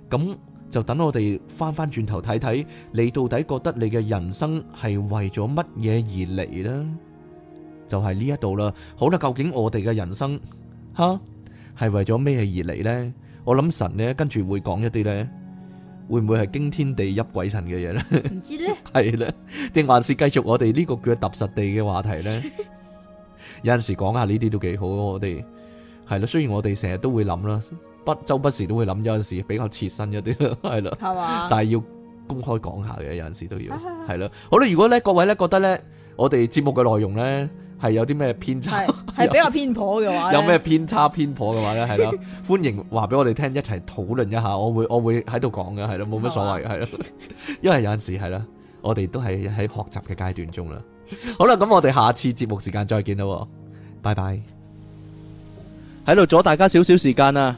Speaker 2: 咁就等我哋翻翻轉頭睇睇，你到底覺得你嘅人生係為咗乜嘢而嚟啦？就係呢一度啦。好啦，究竟我哋嘅人生吓係為咗咩而嚟呢？我諗神呢跟住會講一啲呢。會唔會係驚天地泣鬼神嘅嘢咧？唔知咧，係咧， 定還是繼續我哋呢個腳踏實地嘅話題咧？ 有陣時講下呢啲都幾好，我哋係啦。雖然我哋成日都會諗啦，不周不時都會諗，有陣時比較切身一啲，係啦。吧但係要公開講下嘅，有陣時都要係啦。好啦，如果咧各位咧覺得咧，我哋節目嘅內容咧，係有啲咩偏差是？係
Speaker 1: 有比較偏頗嘅話，有咩
Speaker 2: 偏差偏頗嘅話咧？係咯， 歡迎話俾我哋聽，一齊討論一下。我會我會喺度講嘅，係咯，冇乜所謂嘅，係咯、啊。因為有陣時係咯，我哋都係喺學習嘅階段中啦。好啦，咁我哋下次節目時間再見啦， 拜拜。喺度阻大家少少時間啊！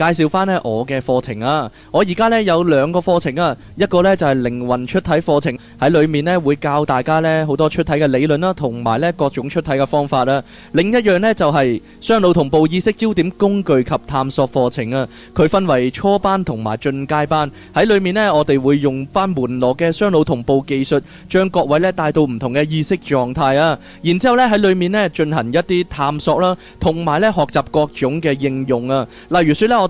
Speaker 2: 介紹翻呢我嘅課程啊！我而家呢有兩個課程啊，一個呢就係靈魂出體課程，喺裏面呢會教大家呢好多出體嘅理論啦，同埋呢各種出體嘅方法啊。另一樣呢就係雙腦同步意識焦點工具及探索課程啊。佢分為初班同埋進階班，喺裏面呢我哋會用翻門羅嘅雙腦同步技術，將各位呢帶到唔同嘅意識狀態啊。然之後呢喺裏面呢進行一啲探索啦，同埋呢學習各種嘅應用啊。例如説呢我。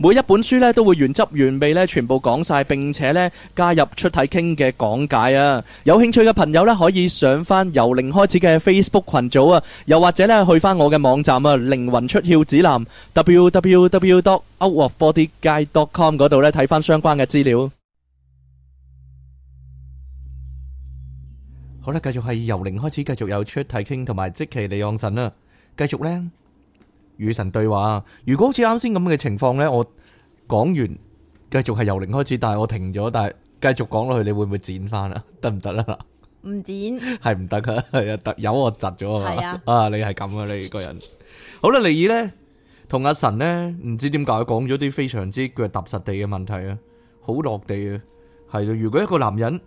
Speaker 2: 每一本書咧都會原汁原味咧全部講晒，並且咧加入出體傾嘅講解啊！有興趣嘅朋友咧可以上翻由零開始嘅 Facebook 群組啊，又或者咧去翻我嘅網站啊靈魂出竅指南 www.outofbodyguide.com 嗰度咧睇翻相關嘅資料。好啦，繼續係由零開始，繼續有出體傾同埋即其利用神啊，繼續呢。與神對話，如果好似啱先咁嘅情況咧，我講完繼續係由零開始，但係我停咗，但係繼續講落去，你會唔會剪返啊？得唔得啊？
Speaker 1: 唔剪係
Speaker 2: 唔得噶係啊，特由我窒咗啊，啊，啊，你係咁啊，你個人。 好啦，尼爾咧同阿神咧唔知點解講咗啲非常之腳踏實地嘅問題啊，好落地啊，係咯，如果一個男人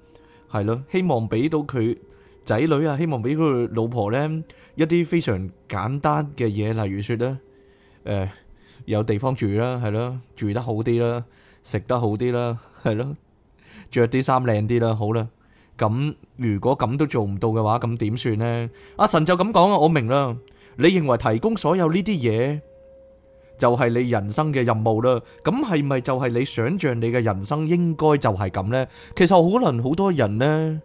Speaker 2: 係咯，啊，希望俾到佢仔女啊，希望俾佢老婆呢一啲非常簡單嘅嘢，例如說呢，誒有地方住啦，係咯，住得好啲啦，食得好啲啦，係咯，着啲衫靚啲啦，好啦，咁如果咁都做唔到嘅話，咁點算呢？阿神就咁講啊，我明啦，你認為提供所有呢啲嘢就係你人生嘅任務啦，咁係咪就係你想象你嘅人生應該就係咁呢？其實可能好多人呢。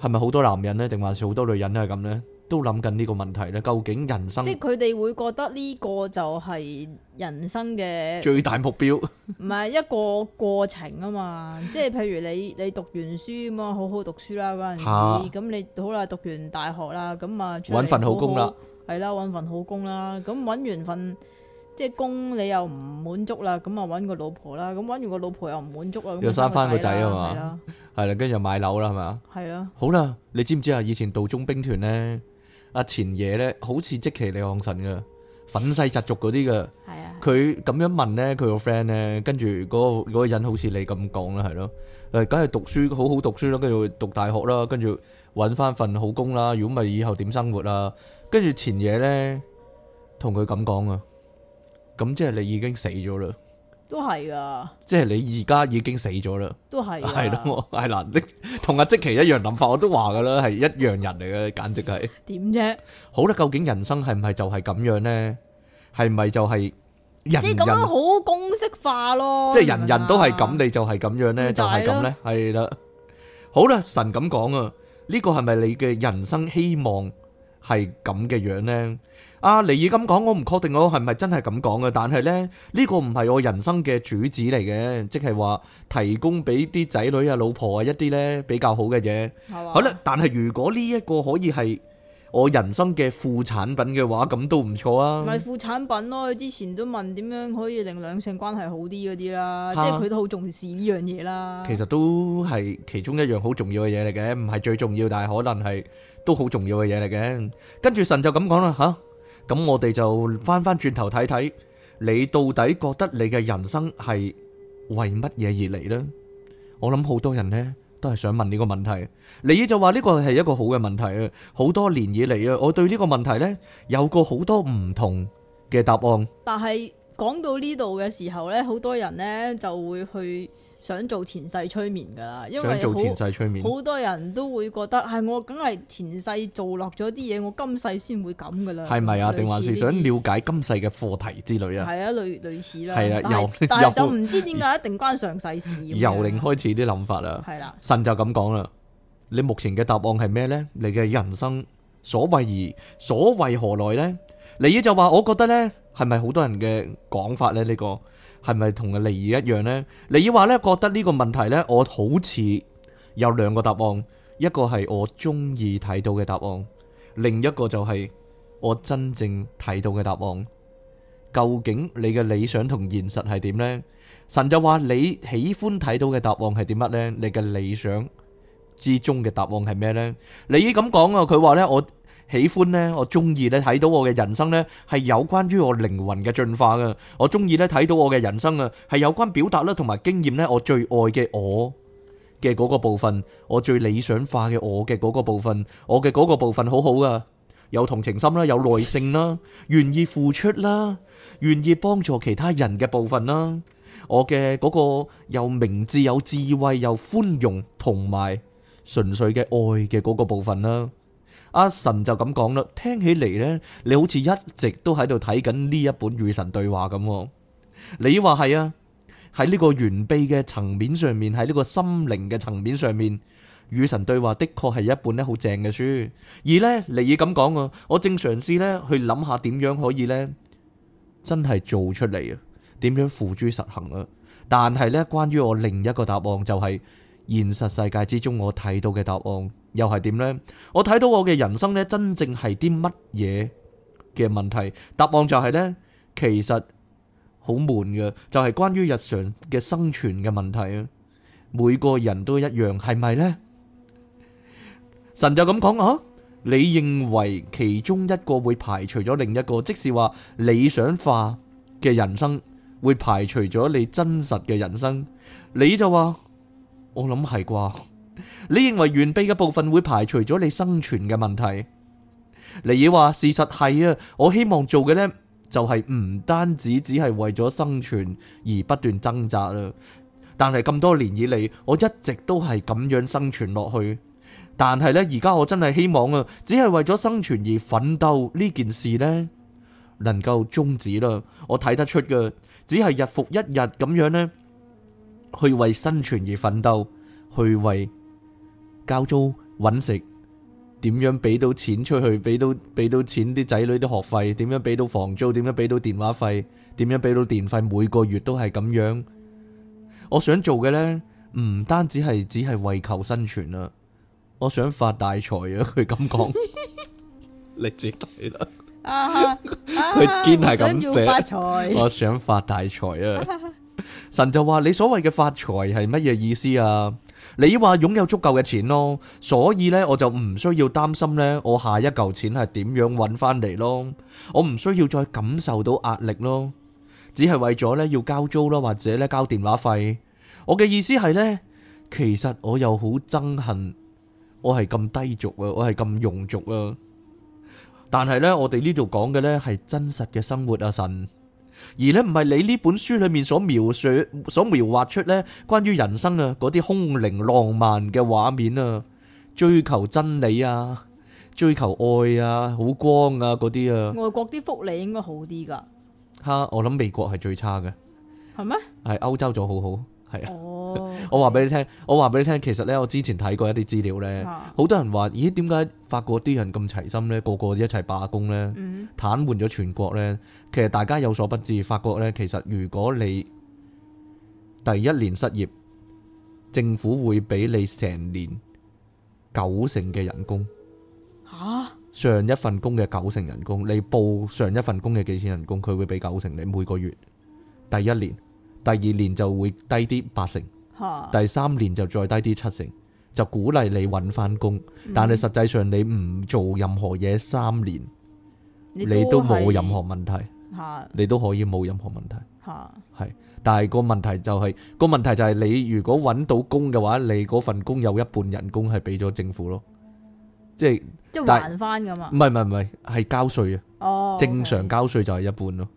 Speaker 2: 係咪好多男人咧，定還是好多女人都係咁呢？都諗緊呢個問題咧。究竟人生即係佢
Speaker 1: 哋會覺得呢個就係人生嘅最大目標，唔係一個過程啊嘛？ 即係譬如你你讀完書咁嘛，好好讀書啦嗰陣時，咁、啊、你好啦，讀完大學啦，咁啊揾份好工啦，係啦，揾份好工啦，咁揾完份。即係工，你又唔滿足啦，咁啊揾個老婆啦，咁揾完個老婆又唔滿足啦，咁又生翻個仔啊嘛，
Speaker 2: 係啦，跟住就買樓啦，係嘛？係啦，好啦，你知唔知啊？以前道中兵團咧，阿前夜咧，好似即其你降神噶粉西族嗰啲噶，佢咁樣問咧，佢個 friend 咧，跟住嗰個嗰個人好似你咁講啦，係咯，誒，梗係讀書好好讀書咯，跟住讀大學啦，跟住揾翻份好工啦，如果唔係以後點生活啊？跟住前夜咧，同佢咁講啊。咁即係你已經死咗啦，
Speaker 1: 都係噶。
Speaker 2: 即係你而家已經死咗啦，
Speaker 1: 都係。係咯，
Speaker 2: 係啦，你同阿積奇一樣諗法，我都話噶啦，係一樣人嚟嘅，簡直係。點啫？好啦，究竟人生係唔係就係咁樣咧？係咪就係人人
Speaker 1: 好公式化咯？即係人人都係咁，你
Speaker 2: 就係咁樣咧，就係咁咧，係啦。好啦，神咁講啊，呢個係咪你嘅人生希望？係咁嘅樣，樣呢？阿、啊、尼爾咁講，我唔確定我係咪真係咁講嘅，但係呢，呢、呢個唔係我人生嘅主旨嚟嘅，即係話提供俾啲仔女啊、老婆啊一啲呢比較好嘅嘢， 好啦，但係如果呢一個可以係。我人生嘅副產品嘅話，咁都唔錯啊！唔係副
Speaker 1: 產品咯，佢之前都問點樣可以令兩性關係好啲嗰啲啦，即係佢都好重視呢樣嘢啦。其
Speaker 2: 實都係其中一樣好重要嘅嘢嚟嘅，唔係最重要，但係可能係都好重要嘅嘢嚟嘅。跟住神就咁講啦嚇，咁我哋就翻翻轉頭睇睇，你到底覺得你嘅人生係為乜嘢而嚟咧？我諗好多人咧。都係想問呢個問題，李姨就話呢個係一個好嘅問題啊！好多年以嚟啊，我對呢個問題咧有過好多唔同嘅答案。
Speaker 1: 但係講到呢度嘅時候咧，好多人咧就會去。想做前世催眠噶啦，因為想做前世催眠，好多人都會覺得係我梗係前世做落咗啲嘢，我今世先會咁噶啦。係咪啊？定還是想
Speaker 2: 了解今世嘅課題之類啊？係
Speaker 1: 啊，類類似啦。係啊，但係是又就唔知點解 一定關上世事。由
Speaker 2: 零開始啲諗法啦。係啦、啊，神就咁講啦。你目前嘅答案係咩咧？你嘅人生所謂而所謂何來咧？你而就話，我覺得咧，係咪好多人嘅講法咧？呢、這個係咪同阿尼爾一樣呢？尼爾話呢，覺得呢個問題呢，我好似有兩個答案，一個係我中意睇到嘅答案，另一個就係我真正睇到嘅答案。究竟你嘅理想同現實係點呢？神就話「你喜歡睇到嘅答案係點乜呢？你嘅理想之中嘅答案係咩呢？」尼爾咁講啊，佢話呢。我。喜歡呢，我中意咧睇到我嘅人生呢，係有關於我靈魂嘅進化噶。我中意咧睇到我嘅人生啊係有關表達啦，同埋經驗呢。我最愛嘅我嘅嗰個部分，我最理想化嘅我嘅嗰個部分，我嘅嗰個部分好好噶，有同情心啦，有耐性啦，願意付出啦，願意幫助其他人嘅部分啦，我嘅嗰個又明智、有智慧、又寬容同埋純粹嘅愛嘅嗰個部分啦。阿神就咁講啦，聽起嚟呢，你好似一直都喺度睇緊呢一本與神對話咁。你話係啊，喺呢個完備嘅層面上面，喺呢個心靈嘅層面上面，與神對話的確係一本咧好正嘅書。而呢，你以咁講啊，我正嘗試呢去諗下點樣可以呢，真係做出嚟啊，點樣付諸實行啊。但係呢，關於我另一個答案就係現實世界之中我睇到嘅答案。又係點呢？我睇到我嘅人生咧，真正係啲乜嘢嘅問題？答案就係呢，其實好悶嘅，就係關於日常嘅生存嘅問題啊！每個人都一樣，係咪呢？神就咁講啊！你認為其中一個會排除咗另一個，即是話理想化嘅人生會排除咗你真實嘅人生？你就話我諗係啩？你認為完備嘅部分會排除咗你生存嘅問題？尼爾話：事實係啊，我希望做嘅呢就係唔單止只係為咗生存而不斷掙扎啦。但係咁多年以嚟，我一直都係咁樣生存落去。但係呢，而家我真係希望啊，只係為咗生存而奮鬥呢件事呢，能夠終止啦。我睇得出嘅，只係日復一日咁樣呢，去為生存而奮鬥，去為。交租、揾食，點樣俾到錢出去？俾到俾到錢啲仔女啲學費？點樣俾到房租？點樣俾到電話費？點樣俾到電費？每個月都係咁樣。我想做嘅呢，唔單止係只係為求生存啦。我想發大財啊！佢咁講， 你自己睇啦，
Speaker 1: 佢堅係咁寫。我、啊、
Speaker 2: 想發大財啊！ 神就話：你所謂嘅發財係乜嘢意思啊？你話擁有足夠嘅錢咯，所以咧我就唔需要擔心咧，我下一嚿錢係點樣揾翻嚟咯，我唔需要再感受到壓力咯，只係為咗咧要交租啦，或者咧交電話費。我嘅意思係咧，其實我又好憎恨我係咁低俗啊，我係咁庸俗啊，但係咧我哋呢度講嘅咧係真實嘅生活啊，神。而咧唔係你呢本書裏面所描述、所描畫出呢關於人生啊嗰啲空靈浪漫嘅畫面啊，追求真理啊，追求愛啊，好光啊嗰啲啊，
Speaker 1: 外國啲福利應該好啲噶。
Speaker 2: 吓，我諗美國係最差嘅。係咩？係歐洲仲好好。哦、oh, okay. 我話俾你聽，我話俾你聽，其實呢，我之前睇過一啲資料呢，好 Yeah. 多人話，咦，點解法國啲人咁齊心呢？個個一齊罷工呢？癱瘓咗全國呢？」其實大家有所不知，法國呢，其實如果你第一年失業，政府會俾你成年九成嘅人工。吓，Huh? 上一份工嘅九成人工，你報上一份工嘅幾錢人工，佢會俾九成你每個月第一年。第二年就會低啲八成，第三年就再低啲七成，就鼓勵你搵翻工。但係實際上你唔做任何嘢三年，你都冇任何問題，你都可以冇任何問題。係，但係個問題就係個問題就係你如果搵到工嘅話，你嗰份工有一半人工係俾咗政府咯，即係即係還翻噶嘛？唔係唔係唔係，係交稅啊！哦，正常交稅就係一半咯。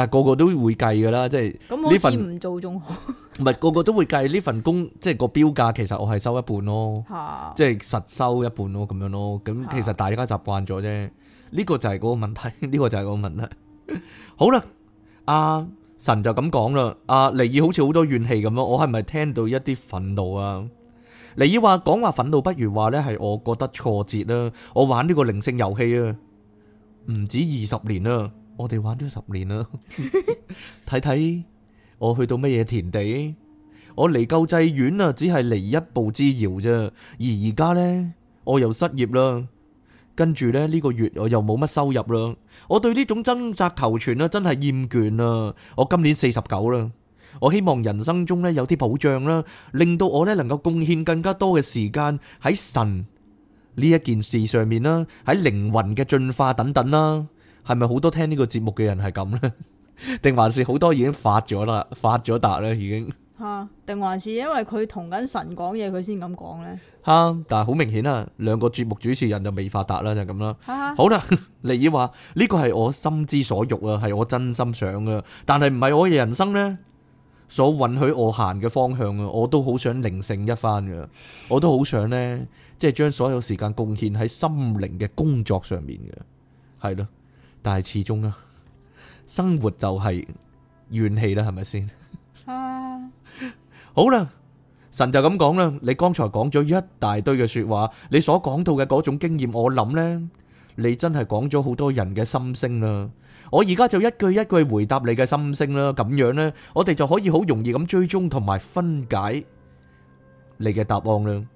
Speaker 2: 但係個個都會計噶啦，即係呢份唔做仲好。唔 係個個都會計呢份工，即係個標價，其實我係收一半咯， 即係實收一半咯，咁樣咯。咁其實大家習慣咗啫，呢、這個就係嗰個問題，呢、這個就係個問題。 好啦，阿、啊、神就咁講啦，阿、啊、尼爾好似好多怨氣咁樣，我係咪聽到一啲憤怒啊？尼爾話講話憤怒，不如話咧係我覺得挫折啦，我玩呢個靈性遊戲啊，唔止二十年啦。我哋玩咗十年啦， 睇睇，我去到乜嘢田地。我嚟救濟院啊，只係嚟一步之遙啫。而而家呢，我又失業啦，跟住呢，呢、呢個月我又冇乜收入啦。我對呢種掙扎求存啦，真係厭倦啦。我今年四十九啦，我希望人生中呢，有啲保障啦，令到我呢，能夠貢獻更加多嘅時間喺神呢一件事上面啦，喺靈魂嘅進化等等啦。係咪好多聽呢個節目嘅人係咁呢？定 還是好多已經發咗啦，發咗達咧已經？吓，
Speaker 1: 定還是因為佢同緊神講嘢，佢先咁講呢？
Speaker 2: 哈！ 但係好明顯啊，兩個節目主持人就未發達啦，就咁、是、啦。 好啦，尼爾話呢個係我心之所欲啊，係我真心想噶，但係唔係我嘅人生呢，所允許我行嘅方向啊，我都好想靈性一番噶，我都好想呢，即係將所有時間貢獻喺心靈嘅工作上面嘅，係咯。但係始終啊，生活就係怨氣啦，係咪先？好啦，神就咁講啦。你剛才講咗一大堆嘅說話，你所講到嘅嗰種經驗，我諗呢，你真係講咗好多人嘅心聲啦。我而家就一句一句回答你嘅心聲啦，咁樣呢，我哋就可以好容易咁追蹤同埋分解你嘅答案啦。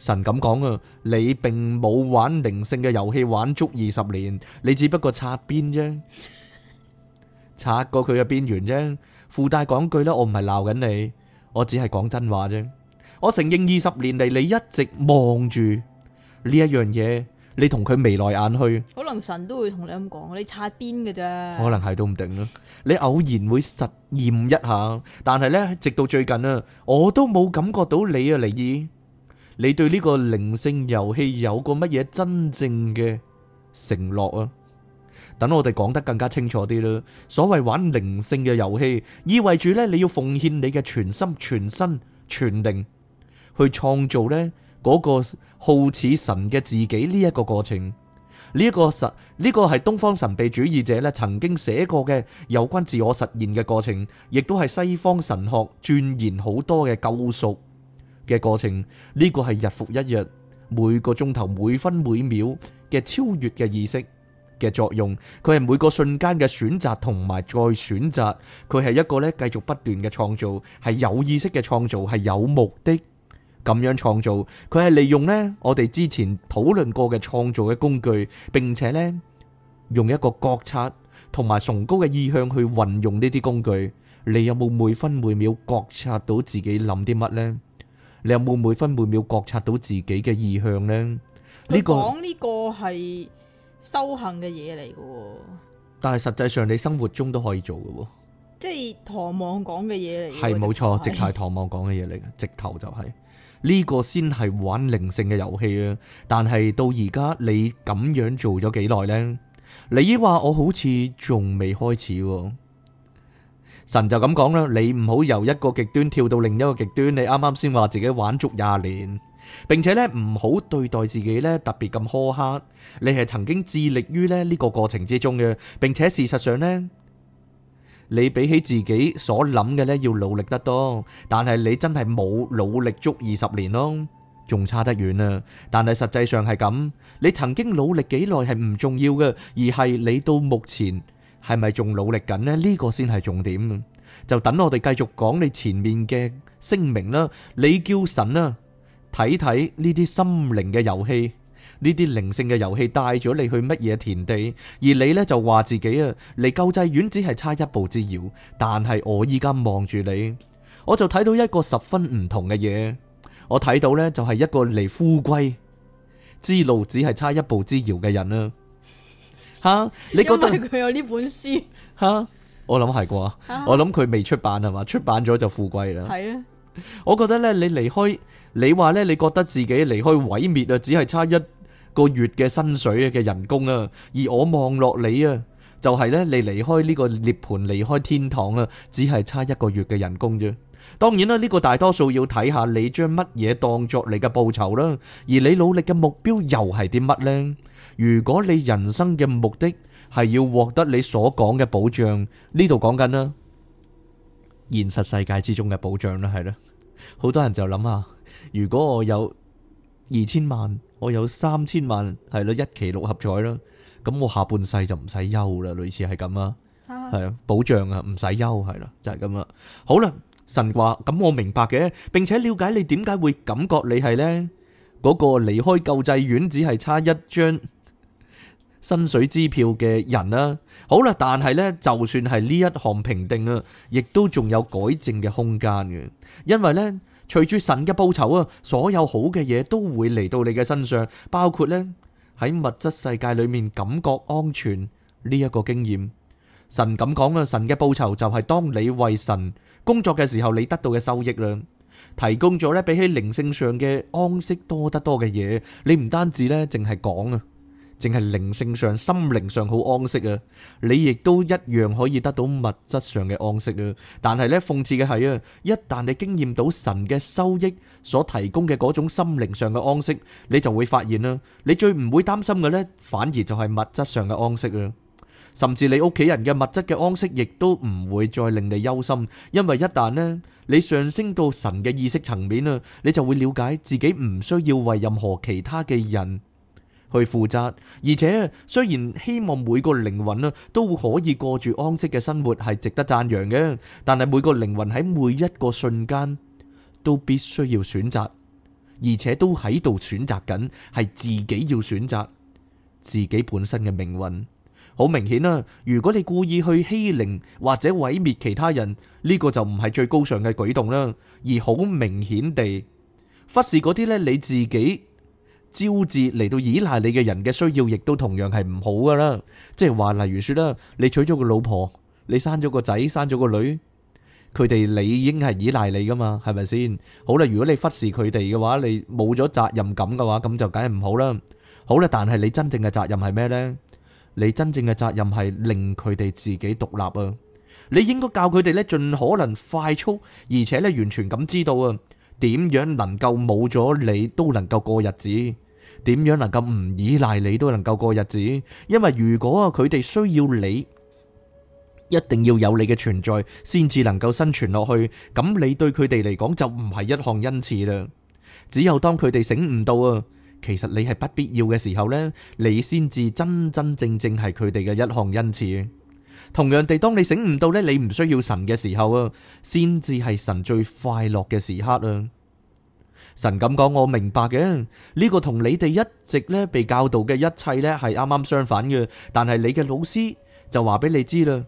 Speaker 2: 神咁講啊，你並冇玩靈性嘅遊戲玩足二十年，你只不過擦邊啫，擦過佢嘅邊緣啫。附帶講句啦，我唔係鬧緊你，我只係講真話啫。我承認二十年嚟你一直望住呢一樣嘢，你同佢眉來眼去。
Speaker 1: 可能神都會同你咁講，你擦邊嘅啫。可
Speaker 2: 能係都唔定啊，你偶然會實驗一下，但係呢，直到最近啊，我都冇感覺到你啊，黎姨。你對呢個靈性遊戲有個乜嘢真正嘅承諾啊？等我哋講得更加清楚啲啦。所謂玩靈性嘅遊戲，意味住咧你要奉獻你嘅全心、全身、全靈去創造呢嗰個好似神嘅自己呢一個過程。呢、呢、一個神呢、呢個係東方神秘主義者咧曾經寫過嘅有關自我實現嘅過程，亦都係西方神學鑽研好多嘅救贖，嘅過程呢個係日復一日，每個鐘頭、每分每秒嘅超越嘅意識嘅作用。佢係每個瞬間嘅選擇同埋再選擇。佢係一個咧繼續不斷嘅創造，係有意識嘅創造，係有目的咁樣創造。佢係利用呢我哋之前討論過嘅創造嘅工具，並且呢用一個覺察同埋崇高嘅意向去運用呢啲工具。你有冇每分每秒覺察到自己諗啲乜呢？你有冇每分每秒覺察到自己嘅意向呢？呢個講，
Speaker 1: 呢個係修行嘅嘢嚟嘅，
Speaker 2: 但係實際上你生活中都可以做嘅，
Speaker 1: 即係唐望講嘅嘢嚟。係冇錯，直頭係
Speaker 2: 唐望講嘅嘢嚟嘅，直頭就係呢個先係玩靈性嘅遊戲啊！但係到而家你咁樣做咗幾耐呢？你話我好似仲未開始喎。神就咁講啦，你唔好由一個極端跳到另一個極端。你啱啱先話自己玩足廿年，並且咧唔好對待自己咧特別咁苛刻，你係曾經致力於咧呢個過程之中嘅，並且事實上咧，你比起自己所諗嘅咧要努力得多。但係你真係冇努力足二十年咯，仲差得遠啊！但係實際上係咁，你曾經努力幾耐係唔重要嘅，而係你到目前。係咪仲努力緊呢？呢、這個先係重點。就等我哋繼續講你前面嘅聲明啦。你叫神啊，睇睇呢啲心靈嘅遊戲，呢啲靈性嘅遊戲帶咗你去乜嘢田地？而你呢就話自己啊，離救濟院只係差一步之遙。但係我依家望住你，我就睇到一個十分唔同嘅嘢。我睇到呢就係、是、一個離富貴之路只係差一步之遙嘅人啊！吓，你覺得
Speaker 1: 佢有呢本書？
Speaker 2: 吓，我諗係啩，哈我諗佢未出版係嘛，出版咗就富貴啦。係啊呢，我覺得咧，你離開，你話咧，你覺得自己離開毀滅啊，只係差一個月嘅薪水嘅人工啊。而我望落你啊，就係咧，你離開呢個涅盤，離開天堂啊，只係差一個月嘅人工啫。當然啦，呢個大多數要睇下你將乜嘢當作你嘅報酬啦，而你努力嘅目標又係啲乜呢？如果你人生嘅目的係要獲得你所講嘅保障，呢度講緊啦，現實世界之中嘅保障啦，係咯，好多人就諗下，如果我有二千萬，我有三千萬，係咯，一期六合彩咯，咁我下半世就唔使憂啦，類似係咁啦，係啊，保障啊，唔使憂係啦，就係咁啦。好啦，神話，咁我明白嘅，並且了解你點解會感覺你係呢，嗰個離開救濟院只係差一張。薪水支票嘅人啦，好啦，但係呢，就算係呢一項評定啊，亦都仲有改正嘅空間嘅，因為呢，隨住神嘅報酬啊，所有好嘅嘢都會嚟到你嘅身上，包括呢喺物質世界裏面感覺安全呢一個經驗。神咁講啊，神嘅報酬就係當你為神工作嘅時候，你得到嘅收益啦，提供咗呢，比起靈性上嘅安息多得多嘅嘢，你唔單止呢，淨係講啊。淨係靈性上、心靈上好安息啊！你亦都一樣可以得到物質上嘅安息啊！但係咧，諷刺嘅係啊，一旦你經驗到神嘅收益所提供嘅嗰種心靈上嘅安息，你就會發現啦，你最唔會擔心嘅咧，反而就係物質上嘅安息啊。甚至你屋企人嘅物質嘅安息，亦都唔會再令你憂心，因為一旦咧你上升到神嘅意識層面啊，你就會了解自己唔需要為任何其他嘅人，去負責，而且雖然希望每個靈魂呢都可以過住安息嘅生活係值得讚揚嘅，但係每個靈魂喺每一個瞬間都必須要選擇，而且都喺度選擇緊，係自己要選擇自己本身嘅命運。好明顯啦，如果你故意去欺凌或者毀滅其他人，呢、呢個就唔係最高尚嘅舉動啦，而好明顯地忽視嗰啲呢，你自己。招致嚟到依賴你嘅人嘅需要，亦都同樣係唔好噶啦。即係話，例如說啦，你娶咗個老婆，你生咗個仔，生咗個女，佢哋理應係依賴你噶嘛，係咪先？好啦，如果你忽視佢哋嘅話，你冇咗責任感嘅話，咁就梗係唔好啦。好啦，但係你真正嘅責任係咩呢？你真正嘅責任係令佢哋自己獨立啊！你應該教佢哋咧，盡可能快速，而且咧完全咁知道啊！點樣能夠冇咗你都能夠過日子？點樣能夠唔依賴你都能夠過日子？因為如果佢哋需要你，一定要有你嘅存在先至能夠生存落去。咁你對佢哋嚟講就唔係一項恩賜啦。只有當佢哋醒唔到啊，其實你係不必要嘅時候呢，你先至真真正正係佢哋嘅一項恩賜。同樣地，當你醒悟到咧，你唔需要神嘅時候啊，先至係神最快樂嘅時刻啊。神咁講，我明白嘅呢個同你哋一直咧被教導嘅一切咧係啱啱相反嘅。但係你嘅老師就話俾你知啦，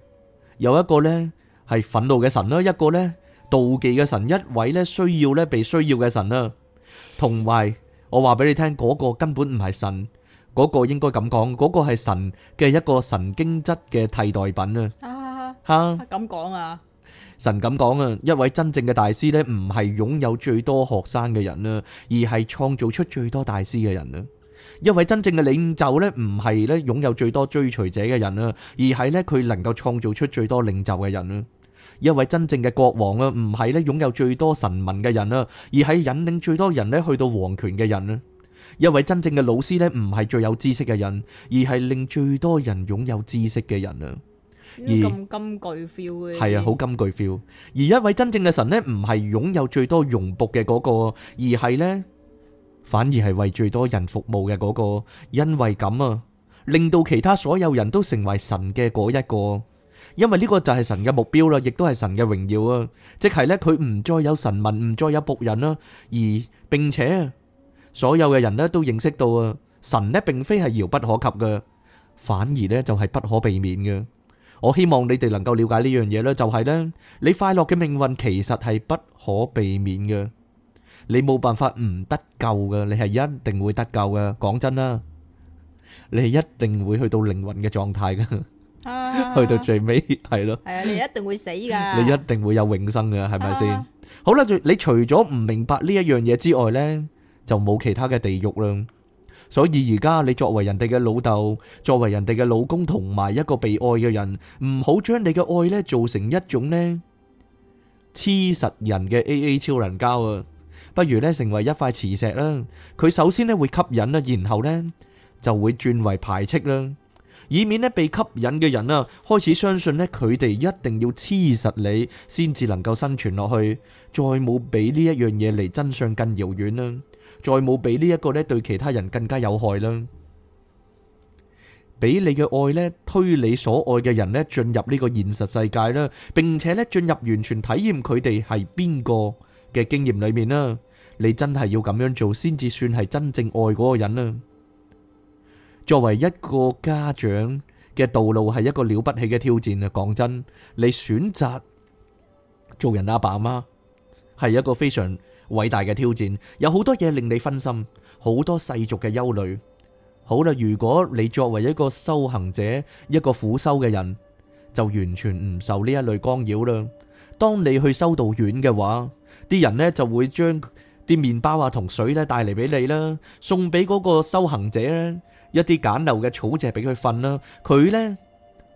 Speaker 2: 有一個咧係憤怒嘅神啦，一個咧妒忌嘅神，一位咧需要咧被需要嘅神啦，同埋我話俾你聽，嗰個根本唔係神。嗰個應該咁講，嗰個係神嘅一個神經質嘅替代品啊！
Speaker 1: 吓，咁講啊，
Speaker 2: 神咁講啊，一位真正嘅大師咧，唔係擁有最多學生嘅人啦，而係創造出最多大師嘅人啦。一位真正嘅領袖咧，唔係咧擁有最多追隨者嘅人啦，而係咧佢能夠創造出最多領袖嘅人啦。一位真正嘅國王啊，唔係咧擁有最多臣民嘅人啦，而係引領最多人咧去到王權嘅人啦。一位真正嘅老師咧，唔係最有知識嘅人，而係令最多人擁有知識嘅人啊！
Speaker 1: 而咁金句 feel 嘅係啊，好
Speaker 2: 金句 feel。而一位真正嘅神咧，唔係擁有最多榮僕嘅嗰個，而係咧反而係為最多人服務嘅嗰個，因為咁啊，令到其他所有人都成為神嘅嗰一個。因為呢個就係神嘅目標啦，亦都係神嘅榮耀啊！即係咧，佢唔再有神民，唔再有僕人啦，而並且啊。所有嘅人咧都認識到啊，神咧並非係遙不可及嘅，反而咧就係不可避免嘅。我希望你哋能夠了解呢樣嘢咧，就係咧你快樂嘅命運其實係不可避免嘅，你冇辦法唔得救嘅，你係一定會得救嘅。講真啦，你係一定會去到靈魂嘅狀態噶，
Speaker 1: 去到最
Speaker 2: 尾係咯，係啊，你
Speaker 1: 一定會死噶，你
Speaker 2: 一定會有永生噶，係咪先？好啦，就你除咗唔明白呢一樣嘢之外咧，就冇其他嘅地獄啦，所以而家你作為人哋嘅老豆，作為人哋嘅老公，同埋一個被愛嘅人，唔好將你嘅愛呢做成一種呢黐實人嘅 A A 超人膠啊，不如呢成為一塊磁石啦。佢首先呢會吸引啦，然後呢就會轉為排斥啦，以免呢被吸引嘅人啊開始相信呢，佢哋一定要黐實你先至能夠生存落去，再冇比呢一樣嘢離真相更遙遠啦。再冇俾呢一個咧，對其他人更加有害啦。俾你嘅愛咧，推你所愛嘅人咧進入呢個現實世界啦，並且咧進入完全體驗佢哋係邊個嘅經驗裏面啦。你真係要咁樣做先至算係真正愛嗰個人啊。作為一個家長嘅道路係一個了不起嘅挑戰啊！講真，你選擇做人阿爸阿媽係一個非常。偉大嘅挑戰，有好多嘢令你分心，好多世俗嘅憂慮。好啦，如果你作為一個修行者、一個苦修嘅人，就完全唔受呢一類干擾啦。當你去修道院嘅話，啲人呢就會將啲麵包啊同水咧帶嚟俾你啦，送俾嗰個修行者啦，一啲簡陋嘅草席俾佢瞓啦，佢呢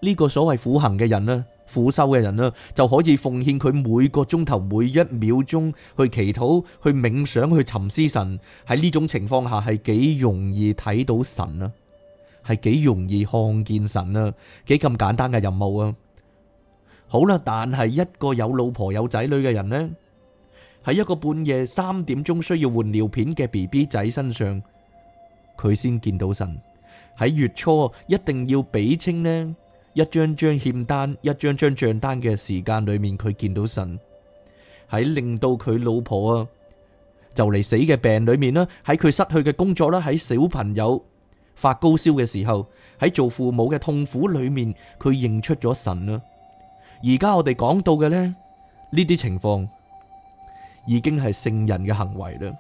Speaker 2: 呢個所謂苦行嘅人啦。苦修嘅人啦，就可以奉獻佢每個鐘頭、每一秒鐘去祈禱、去冥想、去沉思神。喺呢種情況下，係幾容易睇到神啊，係幾容易看見神啊，幾咁簡單嘅任務啊。好啦，但係一個有老婆有仔女嘅人咧，喺一個半夜三點鐘需要換尿片嘅 BB 仔身上，佢先見到神。喺月初一定要比清呢。一張張欠單、一張張賬單嘅時間裏面，佢見到神喺令到佢老婆啊就嚟死嘅病裏面啦，喺佢失去嘅工作啦，喺小朋友發高燒嘅時候，喺做父母嘅痛苦裏面，佢認出咗神啦。而家我哋講到嘅呢，呢啲情況已經係聖人嘅行為啦。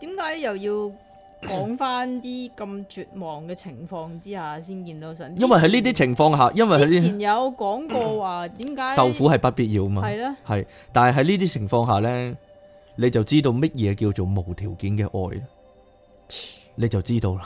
Speaker 1: 點解又要？講翻啲咁絕望嘅情況之下，先見到神。因為喺呢
Speaker 2: 啲情況下，因為之前
Speaker 1: 有講過話，點解受苦係不
Speaker 2: 必要嘛？係的但係喺呢啲情況下呢，你就知道乜嘢叫做無條件嘅愛， 你就知道啦。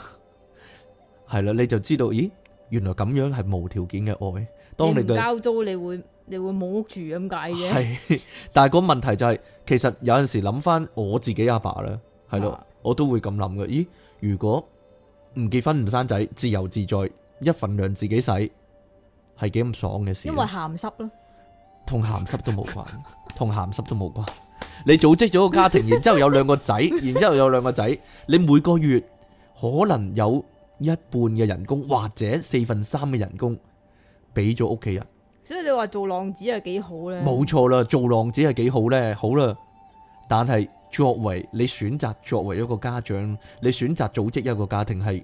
Speaker 2: 係啦，你就知道，咦，原來咁樣係無條件嘅愛。當你，你唔交
Speaker 1: 租你，你會你會冇屋住咁解嘅。係，
Speaker 2: 但係個問題就係，是，其實有陣時諗翻我自己阿爸咧，係咯。啊我都會咁諗嘅，咦？如果唔結婚唔生仔，自由自在，一份糧自己洗，係幾咁爽嘅事。因為鹹濕咯，同鹹濕都冇關，同鹹濕都冇關。你組織咗個家庭，然之後有兩個仔，然之後有兩個仔，你每個月可能有一半嘅人工或者四分三嘅人工俾咗屋企人。
Speaker 1: 所以你話做浪子係幾好呢？冇
Speaker 2: 錯啦，做浪子係幾好呢，好啦，但係。作為你選擇，作為一個家長，你選擇組織一個家庭，係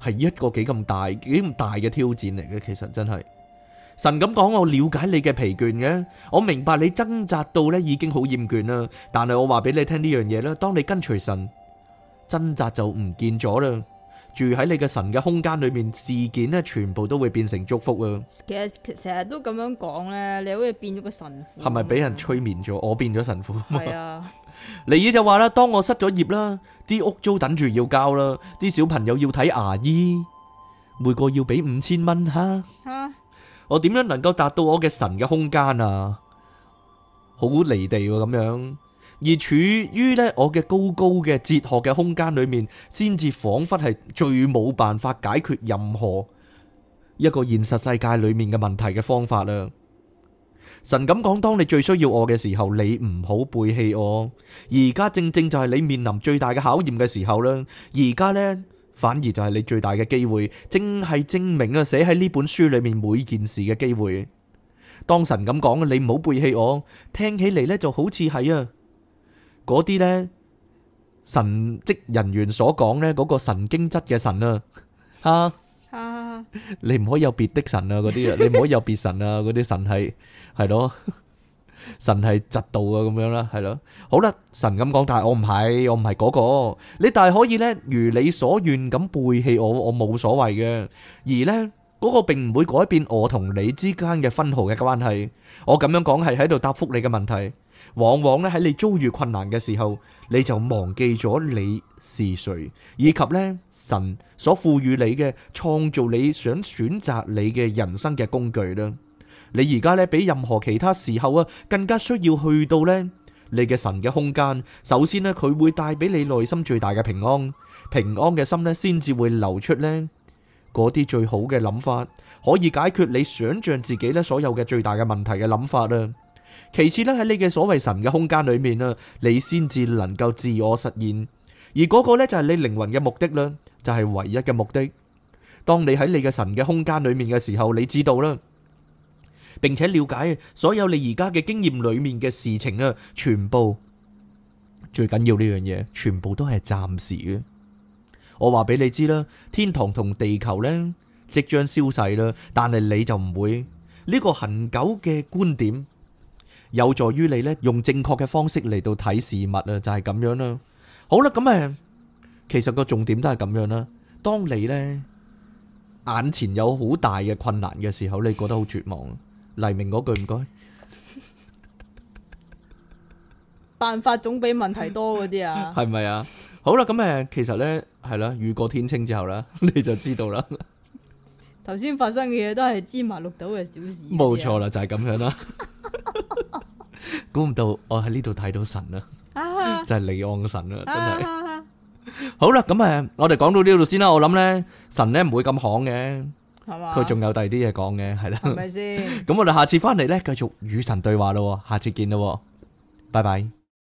Speaker 2: 係一個幾咁大、幾咁大嘅挑戰嚟嘅。其實真係，神咁講，我了解你嘅疲倦嘅，我明白你掙扎到咧，已經好厭倦啦。但係我話俾你聽呢樣嘢啦，當你跟隨神，掙扎就唔見咗啦。住喺你嘅神嘅空間裏面，事件咧全部都會變成祝福啊！
Speaker 1: 其實成日都咁樣講咧，你好似變咗個神父，係
Speaker 2: 咪俾人催眠咗？我變咗神父？係啊！尼爾 就話啦，當我失咗業啦，啲屋租等住要交啦，啲小朋友要睇牙醫，每個要俾五千蚊吓，哈我點樣能夠達到我嘅神嘅空間啊？好離地咁樣。而處於咧我嘅高高嘅哲學嘅空間裏面，先至仿佛係最冇辦法解決任何一個現實世界裏面嘅問題嘅方法啦。神咁講，當你最需要我嘅時候，你唔好背棄我。而家正正就係你面臨最大嘅考驗嘅時候啦。而家呢，反而就係你最大嘅機會，正係證明啊，寫喺呢本書裏面每件事嘅機會。當神咁講，你唔好背棄我，聽起嚟呢，就好似係啊。嗰啲呢神職人員所講呢，嗰個神經質嘅神啊，吓，你唔可以有別的神啊，嗰啲啊，你唔可以有別神啊，嗰啲神係係咯，神係嫉妒嘅咁樣啦，係咯，好啦，神咁講，但係我唔係，我唔係嗰個，你但係可以呢，如你所願咁背棄我，我冇所謂嘅，而呢嗰個並唔會改變我同你之間嘅分毫嘅關係，我咁樣講係喺度答覆你嘅問題。往往咧，喺你遭遇困難嘅時候，你就忘記咗你是誰，以及咧，神所賦予你嘅，創造你想選擇你嘅人生嘅工具啦。你而家比任何其他時候啊更加需要去到你嘅神嘅空間，首先佢會帶俾你內心最大嘅平安，平安嘅心先至會流出嗰啲最好嘅諗法，可以解決你想象自己所有嘅最大嘅問題嘅諗法啦。其次咧，喺你嘅所謂神嘅空間裏面啊，你先至能夠自我實現，而嗰個呢，就係你靈魂嘅目的啦，就係唯一嘅目的。當你喺你嘅神嘅空間裏面嘅時候，你知道啦，並且了解所有你而家嘅經驗裏面嘅事情啊，全部最緊要呢樣嘢，全部都係暫時嘅。我話俾你知啦，天堂同地球呢，即將消逝啦，但係你就唔會呢個恆久嘅觀點，有助於你咧，用正確嘅方式嚟到睇事物啊，就係咁樣啦。好啦，咁誒，其實個重點都係咁樣啦。當你咧眼前有好大嘅困難嘅時候，你覺得好絕望。黎明嗰句唔該，
Speaker 1: 辦法總比問題多嗰啲啊，
Speaker 2: 係咪啊？好啦，咁誒，其實咧係啦，雨過天晴之後啦，你就知道啦。
Speaker 1: 頭先發生嘅嘢都係芝麻綠豆嘅小事，冇錯啦，
Speaker 2: 就係咁樣啦。估唔到我喺呢度睇到神啦，就係利安嘅神啦，真係。好啦，咁誒，我哋講到呢度先啦。我諗咧，神咧唔會咁行嘅，係嘛，佢仲有第二啲嘢講嘅，係啦，係咪先？咁我哋下次翻嚟咧，繼續與神對話咯。下次見啦，拜拜。